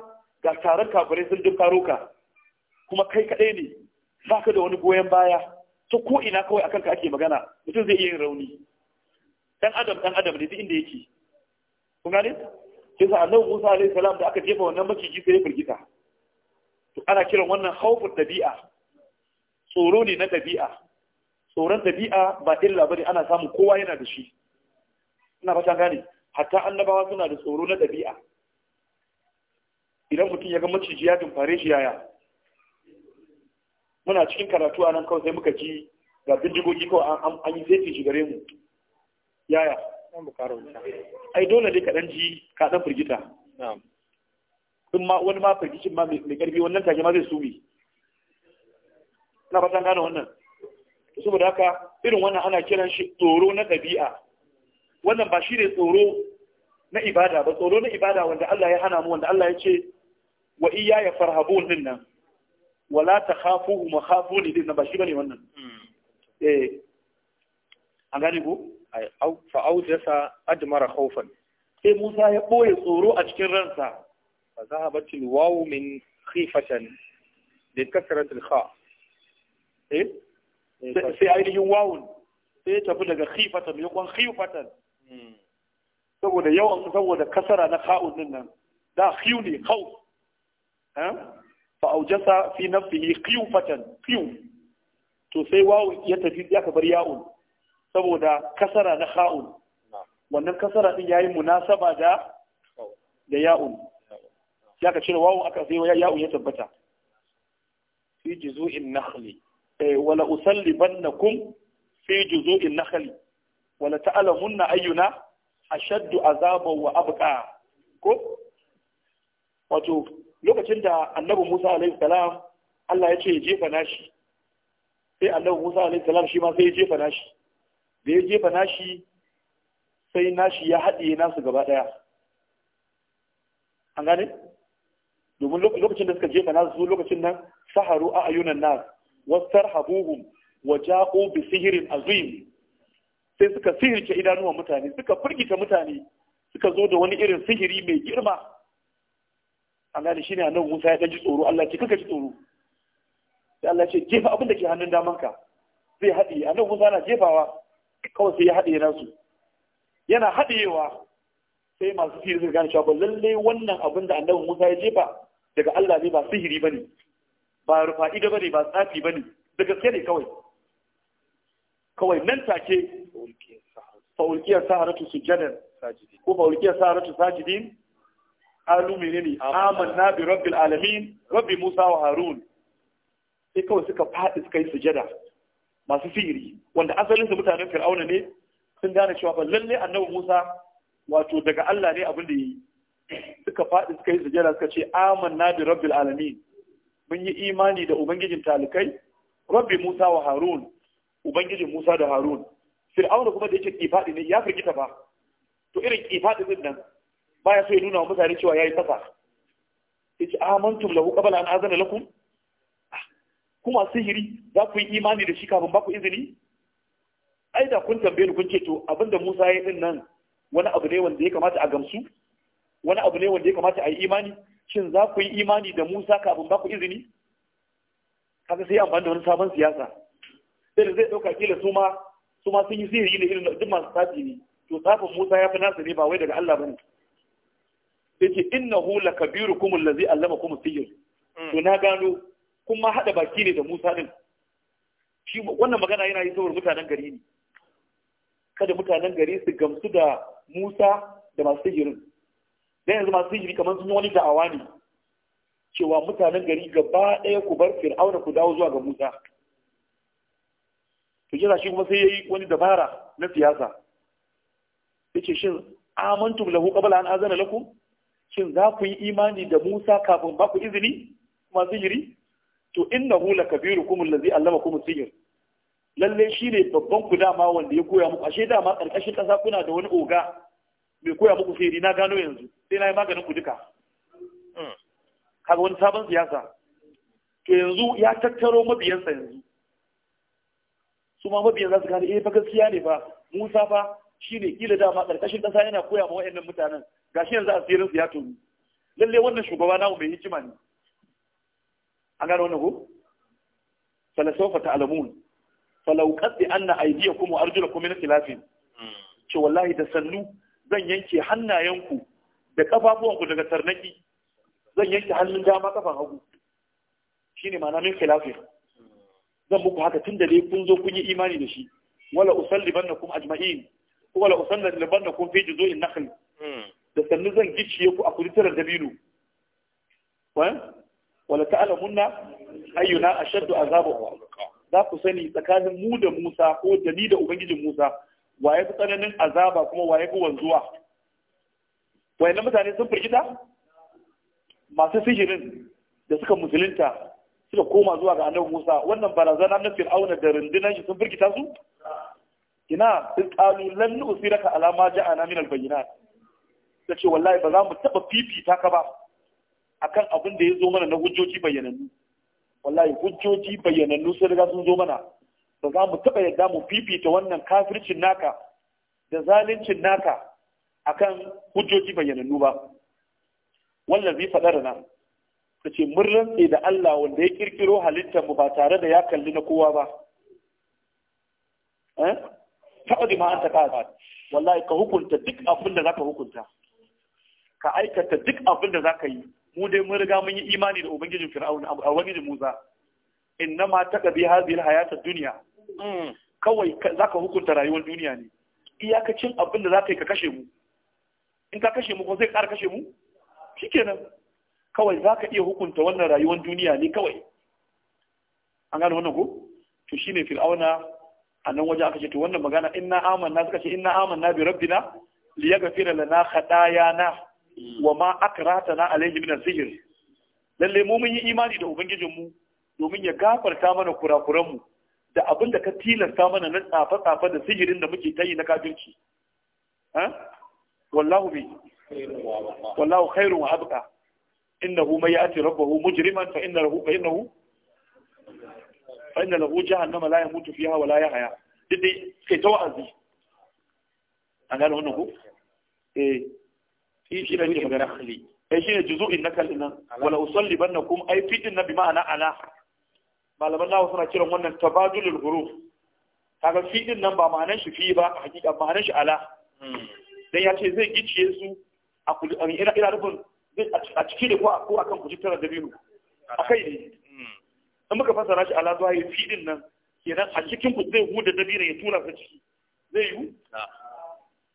A: ga taron kafirai sun dunkaro ka kuma kai kaɗai ne za ka da wani goyon baya ta ko ina kawai akan ka ake magana mutum zai iya yin rauni dan adam dan adam ne duk inda yake kun gane sai sa annabi Musa alayhi salam da aka jefa wannan maciji sai ya firgita to ana kiran wannan khawfu dabi'a tsoro ne na dabi'a tsoron dabi'a ba illa bane ana samu kowa yana da shi ina fata gane hatta annabawa suna da tsoro na dabi'a idan mutum ya ga maciji ya dumfare shi yaya muna cikin karatu a nan kawai sai muka ji ga bindigogi kawai an yi sai shi gare mu yaya ai dole dai kaɗan ji kaɗan firgita in ma wani ma firgicin ma mai ƙarfi wannan take ma zai sumi na fatan gane wannan saboda haka irin wannan ana kiran shi tsoro na ɗabi'a wannan ba shi ne tsoro na ibada ba tsoro na ibada wanda Allah ya hana mu wanda Allah ya ce wa iya ya farhabun din nan wala ta khafu ma khafu ne din na ba bane wannan hmm. eh an gane ko ai au fa aujasa admara khawfan sai Musa ya boye tsoro a cikin ransa fa zahabat al waw min khifatan li kasrat al kha eh, eh sai ainihin wawun sai ya tafi daga khifatan ya kwan khifatan hmm. saboda yawan saboda kasara na kha'un din nan da khiyu ne khawf fa aujasa fi nafsihi fatan qiyu to sai wawu ya tafi ya bar ya'un saboda kasara na kha'un wannan kasara din yayi munasaba da da ya'un ya ka cire wawun aka sai ya'un ya tabbata fi juzu'in nakhli eh wala usallibannakum fi juzu'in nakhli wala ta'lamunna ayyuna ashaddu azaban wa abqa ko wato lokacin da annabi Musa alaihi salam Allah ya ce ya jefa nashi sai annabi Musa alaihi salam shi ma sai ya jefa nashi da ya jefa nashi sai nashi ya haɗiye nasu gaba ɗaya an gane domin lokacin da suka jefa nasu lokacin nan saharu a ayunan nas wastarhabuhum wa ja'u bi sihirin azim sai suka sihirce idanuwan mutane suka firgita mutane suka zo da wani irin sihiri mai girma an gane shine annabi Musa ya dan ji tsoro Allah ce kaka ji tsoro sai Allah ce jefa abin da ke hannun damanka zai haɗe annabi Musa na jefawa kawai sai ya haɗe nasu yana haɗewa sai masu sihiri suka gane cewa ba lalle wannan abin da annabi Musa ya jefa daga Allah ne ba sihiri bane ba rufa'i da bane ba tsafi bane da gaske ne kawai kawai nan take faulkiyar saharatu sujjadan ko faulkiyar saharatu sajidin qalu menene amanna bi rabbil alamin rabbi musa wa harun sai kawai suka fadi suka yi sujada masu sihiri wanda asalin su mutanen fir'auna ne sun gane cewa lalle annabi musa wato daga Allah ne abin da yi suka faɗi suka yi sujada suka ce amanna bi rabbil alamin mun yi imani da ubangijin talikai rabbi musa wa harun ubangijin musa da harun fir'auna kuma da yake kifadi ne ya firgita ba to irin kifadi din nan baya so ya nuna wa mutane cewa yayi kasa yace amantum lahu qabla an azana lakum ah, kuma sihiri za ku yi imani da shi kafin ba ku izini ai da kun tambaye ni kun ce to abinda Musa ya din nan wani abu ne wanda ya kamata a gamsu wani abu ne wanda ya kamata a yi imani shin za ku yi imani da Musa kafin ba ku izini kaga sai amfani da wani sabon siyasa sai da zai dauka kila su ma su ma sun yi sihiri ne irin duk masu tsafi ne to tsafin Musa ya fi nasa ne ba wai daga Allah bane yace innahu lakabirukum allazi allamakum kuma sihr hmm. to na gano kuma hada baki ne da Musa din shi wannan magana yana yi saboda mutanen gari ne kada mutanen gari su gamsu da Musa da masu sihirin dan yanzu masu sihiri kamar sun yi wani da'awa ne cewa mutanen gari gaba ɗaya ku bar fir'auna ku dawo zuwa ga Musa to jira shi kuma sai ya yi wani dabara na siyasa yace shin amantum lahu qabla an azana lakum shin za ku yi imani da Musa kafin ba ku izini kuma sihiri to innahu lakabirukum allazi allamakum sihir lalle ne babban ku dama wanda ya koya muku ashe dama karkashin kasa kuna da wani oga mai koya muku sihiri na gano yanzu sai na yi maganin ku duka hmm. kaga wani sabon siyasa to yanzu ya tattaro mabiyansa yanzu su ma mabiyan za su gane eh fa gaskiya ne fa Musa fa shi ne kila dama ƙarƙashin ƙasa yana koya ma wa'annan mutanen Ga shi yanzu asirin su ya tonu lalle wannan shugaba namu mai hikima ne an gano wannan ko falasofa ta alamun falau qaddi aidiya kuma wa kuma na khilafin hmm. ce wallahi da sannu zan yanke hannayenku da kafafuwanku daga tarnaki zan yanke hannun dama kafan hagu Shi ne ma'ana min khilafin hmm. zan muku haka tun da dai kun zo kun yi imani da shi wala kuma ajma'in kuma la usanna libanna da kun fi juzo in nakhl hmm. da sannu zan gicciye ku a kulitarar dabino wala ta'lamunna ayyuna ashaddu azabu za ku sani tsakanin mu da Musa ko da ni da ubangijin Musa waye fi tsananin azaba kuma waye fi wanzuwa wayannan mutane sun firgita masu sihirin da suka musulunta suka koma zuwa ga annabi Musa wannan barazana na Fir'auna da rundunar shi sun firgita su ina kalu lan usiraka alama ma ja'ana min albayinat tace wallahi ba za mu taba fifita ka ba akan abin da ya zo mana na hujjoji bayyanannu wallahi hujjoji bayyanannu sun daga sun zo mana ba za mu taba yadda mu fifita wannan kafircin naka da zalincin naka akan hujjoji bayyanannu ba wallazi na? tace mun rantse da Allah wanda ya kirkiro halittar mu ba tare da ya kalli na kowa ba eh Taɓa faɗi ta ka ba wallahi ka hukunta duk abin da zaka hukunta ka aikata duk abin da zaka yi mu dai mun riga mun yi imani da ubangijin fir'auna a ubangijin Musa inna ma bi hadhihi alhayata dunya mm. kawai zaka hukunta rayuwar duniya ne iyakacin abin da zaka yi ka kashe mu in ka kashe mu ko zai ƙara kashe mu shikenan kawai zaka iya hukunta wannan rayuwar duniya ne kawai an gane wannan ko to shine fir'auna a nan waje aka ce to wannan magana inna amanna suka ce inna amanna bi rabbina li yaghfira lana khatayana wa ma akratana alayhi min sihr lalle mu mun yi imani da ubangijin mu domin ya gafarta mana kurakuran mu da abin da ka tilasta mana na tsafa tsafa da sihirin da muke tayi na kafirci ha wallahu bi wallahu khairun wa abqa innahu may ya'ti rabbahu mujriman fa innahu fa innahu fa inna lahu jahannama la yamutu fiha wala la yahya duk dai kai ta wa'azi an gane wannan ku eh shi ne magana khali eh shi ne juzu'in nakal din nan wala usallibannakum ay fi din nabi ma'ana ala malaman nawa suna kiran wannan tabadulul huruf kaga fi din nan ba ma'anar shi fi ba hakika ma'anar shi ala hmm. dan ya ce zai gicciye su a ina ina rubun a ciki da ko akan kujitar da binu akai ne in muka fasara shi ala zuwa yin fiɗin nan kenan a cikin ku zai huda dabirin ya tura ta ciki zai yi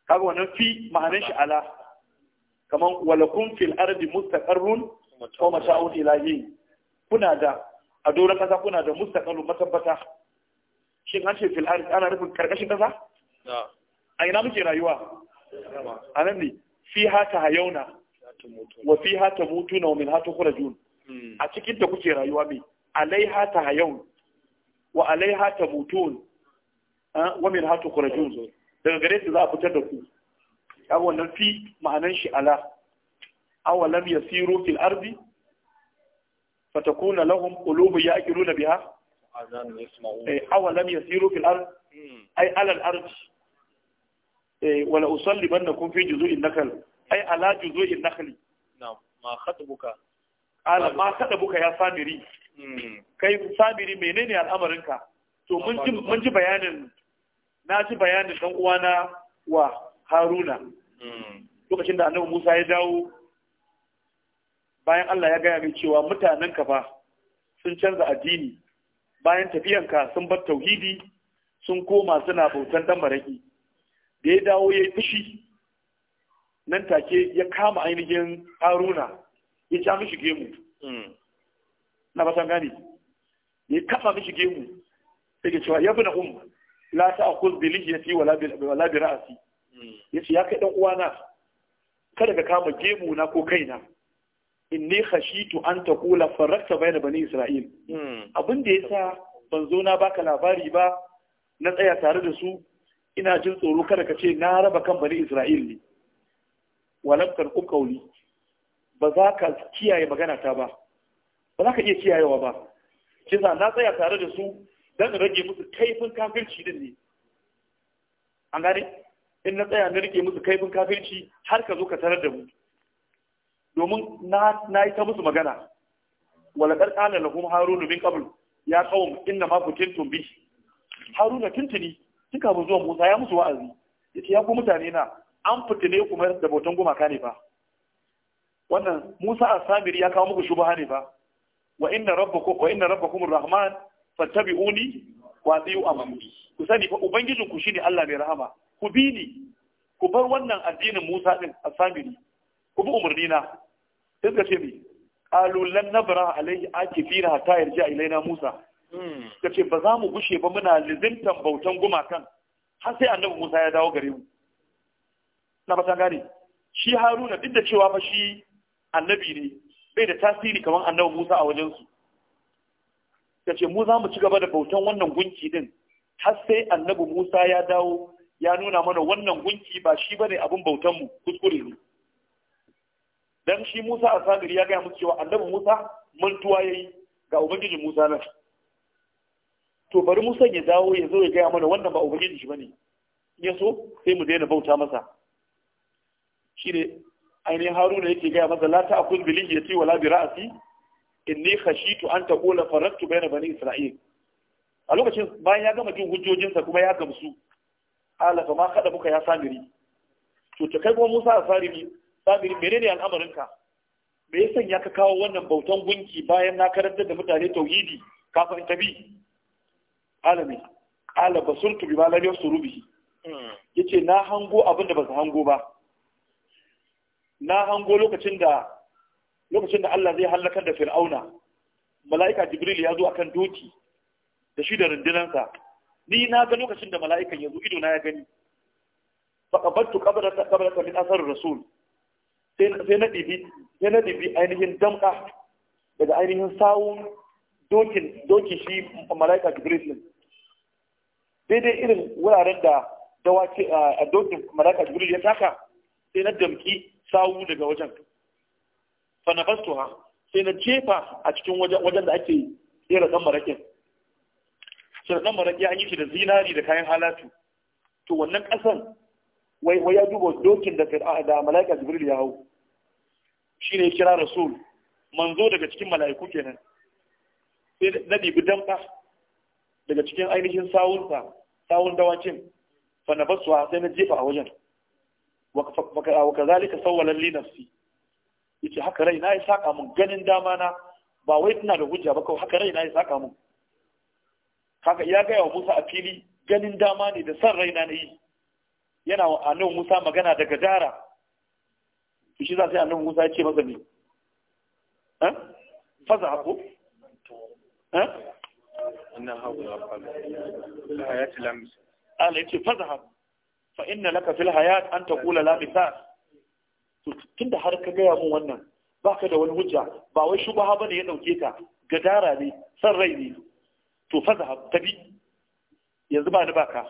A: kaga wannan fi ma'anar shi ala kaman walakum fil ardi mustaqarrun wa mata'un ilahi kuna da a doron kasa kuna da mustaqarrun matabbata shin an ce fil ardi ana rufin karkashin kasa a ina muke rayuwa a nan ne fi hata hayauna wa fi hata mutuna wa min hata kurajun hmm. a cikin da kuke rayuwa mai alaiha ta hayau wa alaiha ta ah, wa min daga gare su za a fitar da ku kaga wannan fi ma'anan shi ala awalam yasiru fil ardi fatakuna lahum qulubu ya'qiluna biha eh, awalam yasiru fil ardi ay ala al ardi eh, wala usallibannakum fi juzu'in nakal ay ala juzu'in nakhli na'am ma khatabuka ala ma khatabuka ya samiri kai sabiri menene al'amarinka to mun ji bayanin na ji bayanin dan uwana wa haruna hmm. lokacin da annabi musa ya dawo bayan allah ya gaya mai cewa mutanen ka fa sun canza addini bayan tafiyanka sun bar tauhidi sun koma suna bautan dan maraki da ya dawo ya yi fushi nan take ya kama ainihin haruna ya ca mishi gemu hmm. na ba san gane ya kafa mishi gemu sai ke cewa ya bi na umma la ta akuz bi lihiyati wala bi wala bi ra'si hmm. yace ya kai dan uwana kada ka kama gemu na ko kaina inni khashitu an taqula farakta bayna bani isra'il hmm. abin da ya sa ban zo na baka labari ba na tsaya tare da su ina jin tsoro kada ka ce na raba kan bani isra'il ne walam tarqu kauli ba za ka kiyaye magana ta ba ba za ka iya kiyayewa ba kisa na tsaya tare da su don rage musu kaifin kafirci din ne an gane in na tsaya na rike musu kaifin kafirci har ka zo ka tarar da mu domin na yi ta musu magana wala karkala kuma Haruna min qabl ya in na ma kuntum bi haruna tuntuni tun kafin zuwa musa ya musu wa'azi Ya ce ya ku mutane na an fitine kuma da bautan gumaka ne fa wannan musa samiri ya kawo muku shubha ne fa wa inna rabbakum wa Rahman fattabi'uni wa ati'u amri ku sani fa ubangijin ku shine Allah mai rahama ku bi ni ku bar wannan addinin Musa din asamiri ku bi umarni na sai ka ce mi qalu lan nabra alayhi akifina hatta yarja ilaina Musa hmm. ce ba za mu gushe ba muna lizintan bautan gumakan har sai annabi Musa ya dawo gare mu na ba ta gane shi Haruna duk da cewa fa shi annabi ne bai da tasiri kamar annabi Musa a wajensu su ce mu za mu ci gaba da bautan wannan gunki din har sai annabi Musa ya dawo ya nuna mana wannan gunki ba shi bane abin bautan mu kuskure ne dan shi Musa a sadiri ya gaya mu cewa annabi Musa mantuwa yayi ga ubangiji Musa nan to bari Musa ya dawo ya zo ya gaya mana wannan ba ubangiji shi bane ya sai mu daina bauta masa ne ainihin haruna yake gaya masa la ta akuz bilin yati wala bi ra'asi inni khashitu an taqula faraktu bayna bani isra'il a lokacin bayan ya gama jin hujjojinsa kuma ya gamsu ala fa kada muka ya samiri to ta kai kuma Musa a samiri menene menene ka? me ya ka kawo wannan bautan gunki bayan na karantar da mutane tauhidi kafin tabi alami ala basurtu bi lam hmm. yace na hango abinda da ba su hango ba na hango lokacin da lokacin da Allah zai halakar da fir'auna mala'ika jibril ya zo akan doki da shi da rundunansa ni na ga lokacin da mala'ikan ya zo ido na ya gani faqabattu qabrata qabrata min asar rasul sai na ɗibi sai na ɗibi ainihin damka daga ainihin sawo dokin dokin shi mala'ika jibril din daidai irin wuraren da dawace a dokin mala'ika jibril ya taka sai na damki sawu daga wajen fa ha sai na jefa a cikin wajen da ake tsira dan marakin sai dan maraki an yi shi da zinari da kayan halatu to wannan kasan wai wai ya duba dokin da da malaika jibril ya hau shine ya kira rasul manzo daga cikin mala'iku kenan sai na bibi damka daga cikin ainihin sawunsa sawun dawacin fa na sai na jefa a wajen wa kazalika sawwalan li nafsi yace haka rai na ya saka mun ganin dama na ba wai tana da hujja ba kawai haka rai na ya saka mun haka ya gaya wa Musa a fili ganin dama ne da san raina na yi yana wa annabi Musa magana daga dara shi za sai annabi Musa ya ce masa ne. eh faza ko eh annahu hawa qala la ayati lam ala yace faza fa inna laka fil hayat an taqula la misas to tunda har ka gaya mun wannan baka da wani hujja ba wai shubha bane ya dauke ka gadara ne san rai ne to fa fazhab tabi yanzu ba ni baka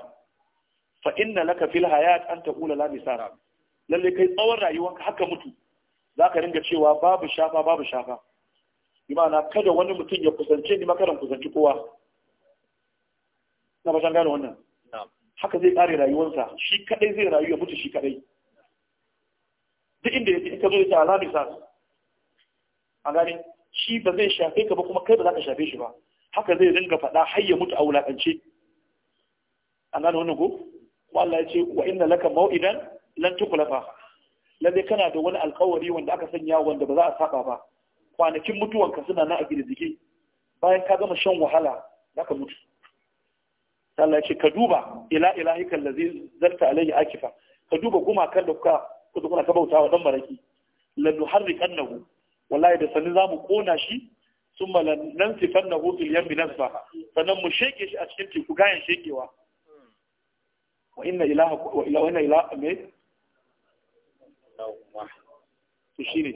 A: fa inna laka fil hayat an taqula la misas lalle kai tsawon rayuwanka haka mutu zaka ringa cewa babu shafa babu shafa imana kada wani mutum ya kusance ni makaran kusanci kowa na ba san gane wannan haka zai kare rayuwarsa shi kadai zai rayu ya mutu shi kadai duk inda yake ka zo ya ce alami sa a gani shi ba zai shafe ka ba kuma kai ba za ka shafe shi ba haka zai dinga faɗa har ya mutu a wulaƙance A gani wani ko ko Allah ya ce wa inna laka mau'idan lan tuklafa lalle kana da wani alƙawari wanda aka sanya wanda ba za a saba ba kwanakin mutuwanka suna na a girgije bayan ka gama shan wahala za ka mutu Allah ce ka duba ila ilahika allazi zalta alayhi akifa ka duba kuma kan da kuka kuka kuna ta bautawa dan maraki la nuharriqannahu wallahi da sanin zamu kona shi thumma lan nansifannahu fil yam nasfa sannan mu sheke shi a cikin teku gayan shekewa wa inna ilaha wa ila wa inna ilaha me to shine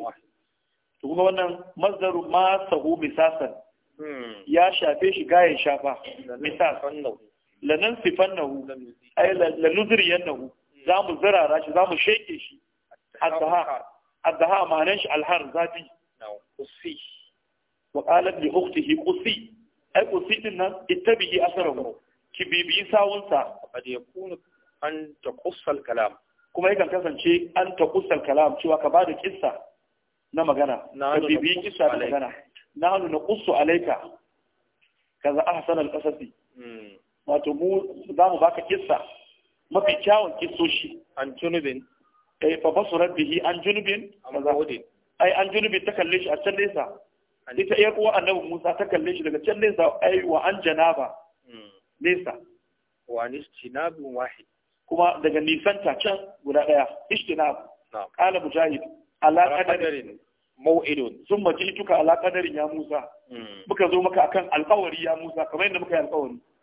A: to kuma wannan masdaru ma sahu misasan hmm. ya shafe shi gayan shafa bisasan lanan sifannahu ay lanuzriyannahu za mu zirara shi za mu sheke shi azaha azaha manan shi alhar zafi qusi wa qala li ukhtihi qusi ai qusi din nan ittabi'i asarahu ki bibiyi sawunsa qad yakunu an taqussal kalam kuma yakan kasance an taqussal kalam cewa ka bada kissa na magana ka bibiyi kissa na magana nahnu naqussu alayka kaza ahsana al-qasasi hmm. wato mu za mu baka kissa mafi kyawun kissoshi an junubin eh fa basurat bihi an junubin ai an junubin ta kalle shi a can nesa ita kuwa uwa annabi Musa ta kalle shi daga can nesa ai wa an janaba hmm. nesa wa nistinabin wahid kuma daga nisan ta can guda daya ishtinab qala mujahid ala qadarin mau'idun sun mace tuka ala qadarin ya Musa hmm. muka zo maka akan alƙawari ya Musa kamar yadda muka yi alƙawari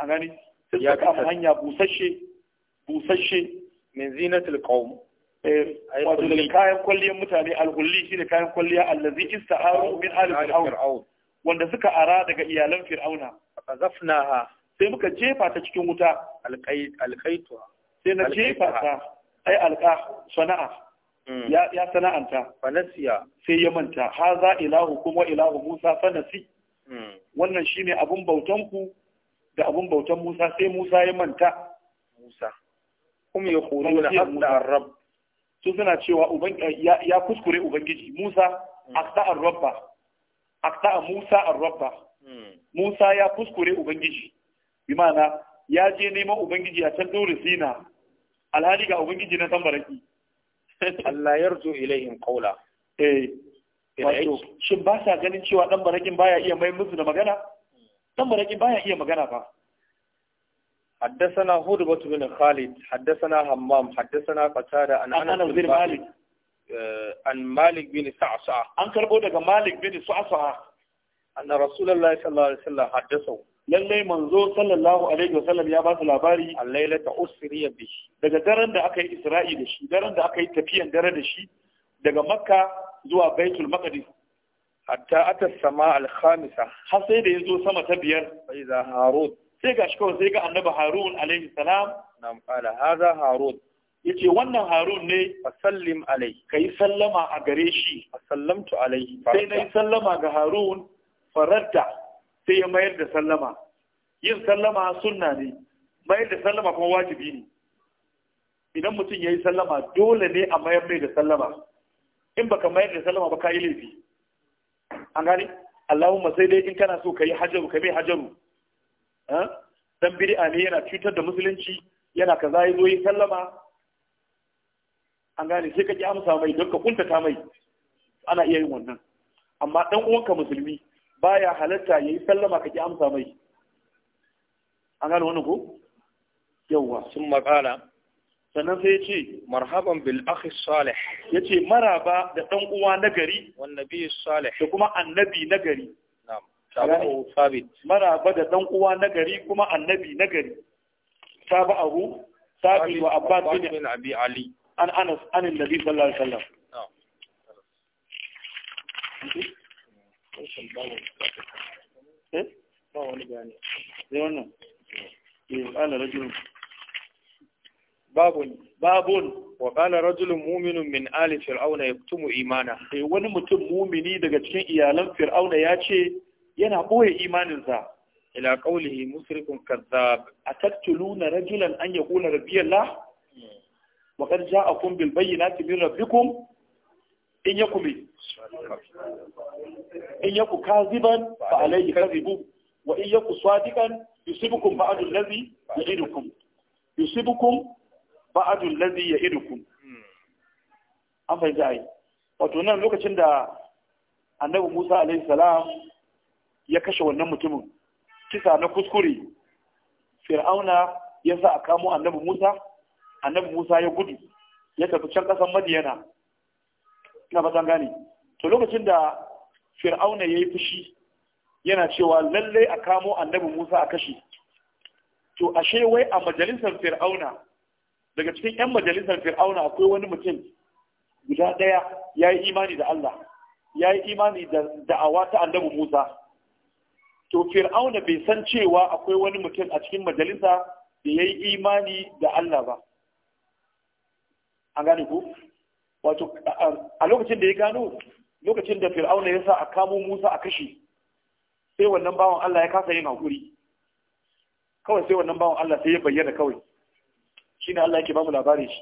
A: a gani sai ya kama hanya busasshe busasshe min zinatul qaum eh, wato da kayan kwalliyar mutane alhulli shine kayan kwalliya allazi ista'aru min ali fir'aun wanda suka ara daga iyalan fir'auna qazafnaha sai muka jefa ta cikin wuta alqaitu sai na jefa ta ai alqa sana'a
B: hmm. ya
A: sana'anta fanasiya sai ya manta haza ilahu kuma ilahu musa fanasi hmm. wannan shine abun ku. da abun bautan Musa sai Musa ya manta Musa kuma ya koro na asda'ar rabb su suna cewa ya kuskure ubangiji Musa hmm. ar rabba asda'a Musa ar-rabba hmm. Musa ya kuskure ubangiji bi ma'ana ya je neman ubangiji a can dole sina alhali ga ubangiji na san baraki [LAUGHS] Allah yarju ilaihim qawla eh wato shin ba sa ganin cewa dan barakin baya iya mai musu da magana tambarakin baya iya magana ba haddasana hudu batu min khalid haddasana hammam haddasana qatada an ana zir malik eh, an malik bin sa'sa an karbo daga malik bin sa'sa anna rasulullahi sallallahu alaihi wasallam haddasa lalle manzo sallallahu alaihi wasallam ya ba su labari al lailata usriya bi daga daren da aka yi isra'i da shi daren da aka yi tafiyan dare da shi daga makka zuwa baitul maqdis hatta ata sama al-khamisa har sai da yazo sama ta biyar sai za harun sai ga kawai sai ga annabi harun alaihi salam nam qala hadha harun yace wannan harun ne fasallim alai kai sallama a gare shi fasallamtu alai sai nayi sallama ga harun faradda sai ya mayar da sallama yin sallama sunna ne mayar da sallama kuma wajibi ne idan mutum yayi sallama dole ne a mayar mai da sallama in baka mayar da sallama ba ka yi laifi an gane Allahumma sai dai in kana so ka yi hajaru ka mai hajaru dan bid'a ne yana cutar da musulunci yana kaza yazo yi sallama an gane sai ka ki amsa mai don ka kuntata mai ana iya yin wannan amma dan uwanka musulmi baya halatta yayi sallama ka ki amsa mai an gane wannan ko yawwa sun makala sannan sai ce marhaban bil akhi salih yace maraba da dan uwa nagari wan nabi salih da kuma annabi nagari na'am tabu sabit maraba da dan uwa nagari kuma annabi nagari abu sabit wa abbas bin abi ali an anas an annabi sallallahu alaihi wasallam na'am eh ba wani bayani ne wannan eh ana rajulun babun babun wa qala rajulun mu'minun min ali fir'auna yaktumu imana eh wani mutum mumini daga cikin iyalan fir'auna ya ce yana boye imaninsa ila qawlihi musrifun kazzab ataqtuluna rajulan an yaqula rabbi allah wa qad ja'akum bil bayyinati min rabbikum in yakum in yaku kaziban fa alayhi kadhibu wa in yaku sadiqan yusibukum ba'du allazi yu'idukum yusibukum ba'adul ladhi ya'idukum an fahimta ai wato nan lokacin da annabi Musa alaihi salam ya kashe wannan mutumin kisa na kuskure fir'auna ya sa a kamo annabi Musa annabi Musa ya gudu ya tafi can kasan Madiyana ina ba gane to lokacin da fir'auna ya yi fushi yana cewa lallai a kamo annabi Musa a kashe to ashe wai a majalisar fir'auna daga cikin 'yan majalisar fir'auna akwai wani mutum guda ɗaya ya yi imani da Allah ya yi imani da da'awa ta annabi Musa to fir'auna bai san cewa akwai wani mutum a cikin majalisa da ya yi imani da Allah ba an gane ku wato a lokacin da ya gano lokacin da fir'auna ya sa a kamo Musa a kashe sai wannan bawan Allah ya kasa yin hakuri kawai sai wannan bawan Allah sai ya bayyana kawai shine Allah yake mu labarin shi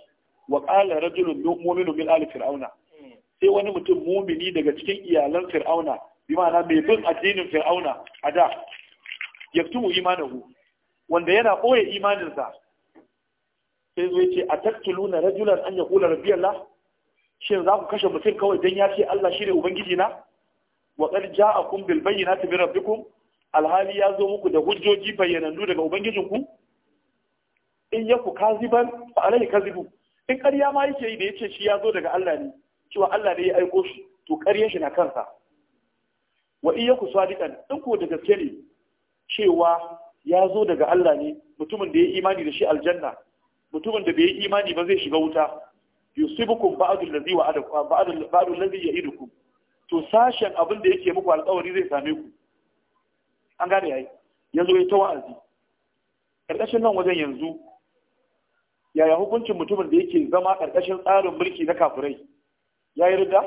A: wa qala rajulun mu'minun min ali fir'auna sai wani mutum mumini daga cikin iyalan fir'auna bi ma'ana mai bin addinin fir'auna a da yaktumu imanahu wanda yana boye imaninsa sai zai yace ataktuluna rajulan an yaqula rabbiyallah shin za ku kashe mutum kawai dan ya ce Allah shine ubangiji na wa qad ja'akum bil bayyinati min rabbikum alhali ya zo muku da hujjoji bayyanannu daga ubangijinku in yaku kaziban fa alai kazibu in ƙarya ma yake yi da yace shi ya zo daga Allah ne cewa Allah ne ya aiko shi to ƙaryar shi na kansa wa in yaku sadiqan in ko da gaske ne cewa ya zo daga Allah ne mutumin da ya imani da shi aljanna mutumin da bai yi imani ba zai shiga wuta yusibukum ba'dul allazi wa adakum ba'dul ya ya'idukum to sashen abin da yake muku alƙawari zai same ku an gane yayi yanzu ya ta wa'azi ƙarƙashin nan wajen yanzu yaya hukuncin mutumin da yake zama ƙarƙashin tsarin mulki na kafirai ya yi rida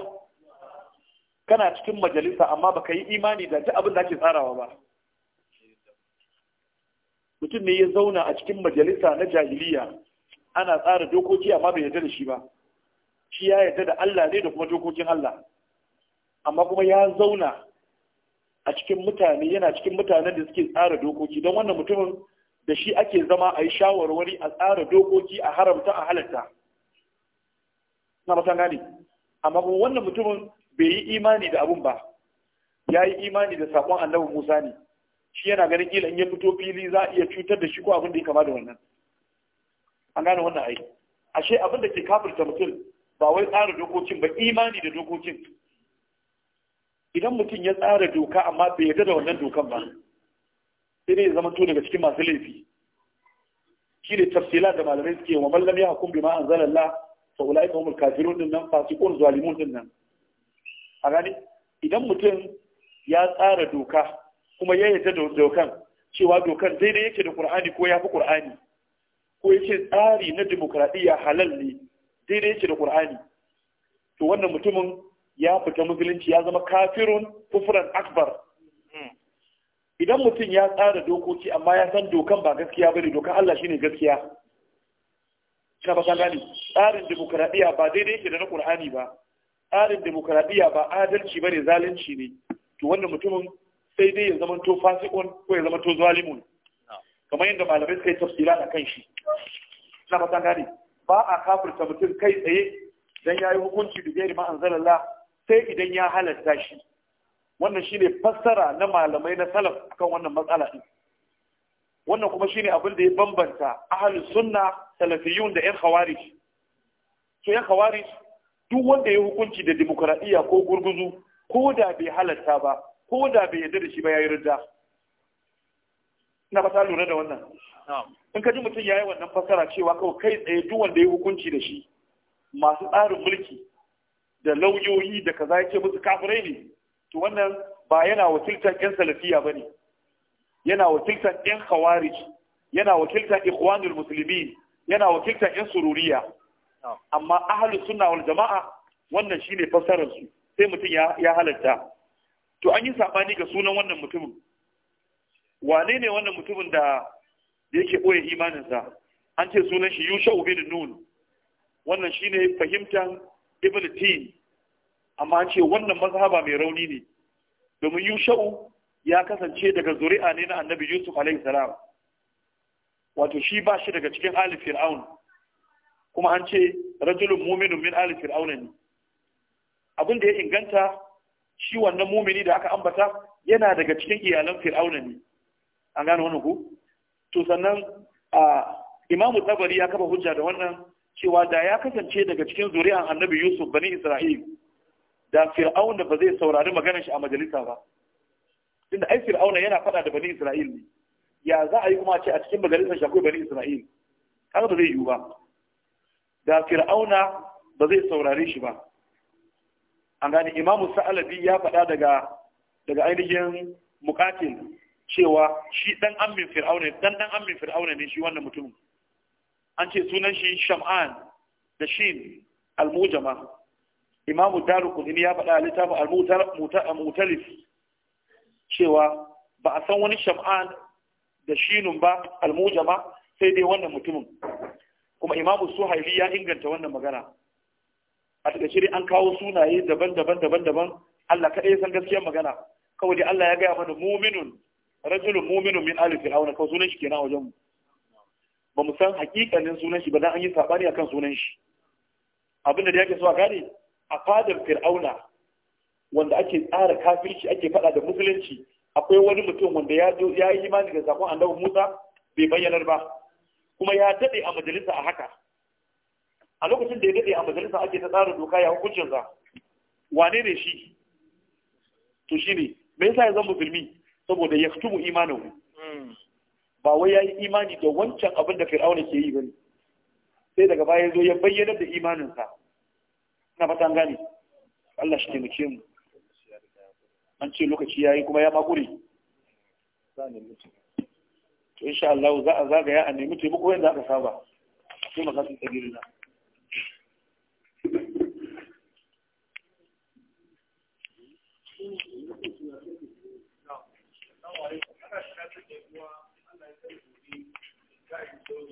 A: kana cikin majalisa amma baka yi imani da ta abin da ake tsarawa ba mutum ne ya zauna a cikin majalisa na jahiliya ana tsara dokoki amma bai yarda da shi ba shi ya yarda da Allah ne da kuma dokokin Allah amma kuma ya zauna a cikin mutane yana cikin mutanen da suke tsara dokoki don wannan mutumin da shi ake zama a yi shawarwari a tsara dokoki a haramta a halatta na matan gani. amma kuma wannan mutumin bai yi imani da abun ba ya yi imani da saƙon annabi musa ne shi yana ganin kila in ya fito fili za a iya cutar da shi ko abin da ya kama da wannan an gane wannan ai ashe abin da ke kafirta mutum ba wai tsara dokokin ba imani da dokokin idan mutum ya tsara doka amma bai yarda da wannan dokan ba sai dai ya zama to daga cikin masu laifi shi ne tafsila da malamai suke wa mallam ya hukum bima anzalallah fa ulai ka humul kafirun din nan fasiqun zalimun din nan a gani idan mutum ya tsara doka kuma ya yarda da dokan cewa dokan daidai yake da qur'ani ko ya fi qur'ani ko yace tsari na demokradiyya halal ne daidai yake da qur'ani to wannan mutumin ya fita musulunci ya zama kafirun kufran akbar idan mutum ya tsara dokoki amma ya san dokan ba gaskiya bane dokan Allah shine gaskiya ka ba gani tsarin demokradiya ba daidai yake da na Qur'ani ba tsarin demokradiya ba adalci bane zalunci ne to wannan mutumin sai dai ya zama to fasikon ko ya zama to zalimun kamar yadda malamai suka yi tafsira a kan shi na fatan gani ba a kafirta mutum kai tsaye dan yayi hukunci da gairi ma anzalallah sai idan ya halatta shi wannan shine fassara na malamai na salaf akan wannan matsala din wannan kuma shine abin da ya bambanta ahlus sunna salafiyun da yan khawarij to yan khawarij duk wanda ya hukunci da demokradiya ko gurguzu ko da bai halatta ba ko da bai yarda da shi ba yayi ridda ina ba lura da wannan in ka ji mutum yayi wannan fassara cewa kawai kai tsaye duk wanda ya hukunci da shi masu tsarin mulki da lauyoyi da kaza yake musu kafirai ne to wannan ba yana wakiltar ƴan salafiya ba ne yana wakiltar ƴan khawarij yana wakiltar ikhwanul muslimin yana wakiltar ƴan sururiya amma ahlu sunna wal jama'a wannan shine fassarar su sai mutum ya ya halatta to an yi sabani ga sunan wannan mutumin wane ne wannan mutumin da yake boye imaninsa an ce sunan shi yusha bin nun wannan shine fahimtar ibn tin amma an ce wannan mazhaba mai rauni ne domin yusha'u ya kasance daga zuri'a ne na annabi yusuf alaihi salam wato shi ba shi daga cikin ali fir'aun kuma an ce rajulun muminun min ali fir'auna ne abin da ya inganta shi wannan mumini da aka ambata yana daga cikin iyalan fir'auna ne an gane wani ku to sannan a imamu tabari ya kafa hujja da wannan cewa da ya kasance daga cikin zuri'an annabi yusuf bani isra'il da fir'auna ba zai saurari maganar shi a majalisa ba inda ai fir'auna yana faɗa da bani isra'il ne ya za a yi kuma ce a cikin majalisar shi akwai bani isra'il kaga ba zai yiwu ba da fir'auna ba zai saurare shi ba an gane imamu sa'alabi ya faɗa daga daga ainihin muqatil cewa shi dan ammin fir'auna dan dan ammin fir'auna ne shi wannan mutum. an ce sunan shi sham'an da shin al-mujama imamu daru kudini ya faɗa a littafin al-mutalif cewa ba a san wani shaf'an da shinun ba al-mujama sai dai wannan mutumin kuma imamu suhaili ya inganta wannan magana a daga shiri an kawo sunaye daban-daban daban-daban Allah kaɗai san gaskiyar magana kawai dai Allah ya gaya mana muminun rajulun muminun min alif fir'auna kawai sunan shi kenan a wajen ba mu san hakikanin sunan shi ba dan an yi sabani akan sunan shi Abinda da yake so a gane a fadar fir'auna wanda ake tsara kafirci ake faɗa da musulunci akwai wani mutum wanda ya zo ya yi imani da sakon annabi Musa bai bayyanar ba kuma ya dade a majalisa a haka a lokacin da ya dade a majalisa ake ta tsara doka ya hukuncin sa wane ne shi to shine me yasa ya zama musulmi saboda ya imanin mu, ba wai ya yi imani da wancan abin da fir'auna ke yi bane sai daga baya zo ya bayyana da imanin sa na fata gane Allah shi taimake mu an ce lokaci ya kuma ya makure to insha Allah za a zagaya a nemi taimako yadda aka saba sai makasin tsagirina
B: Thank you.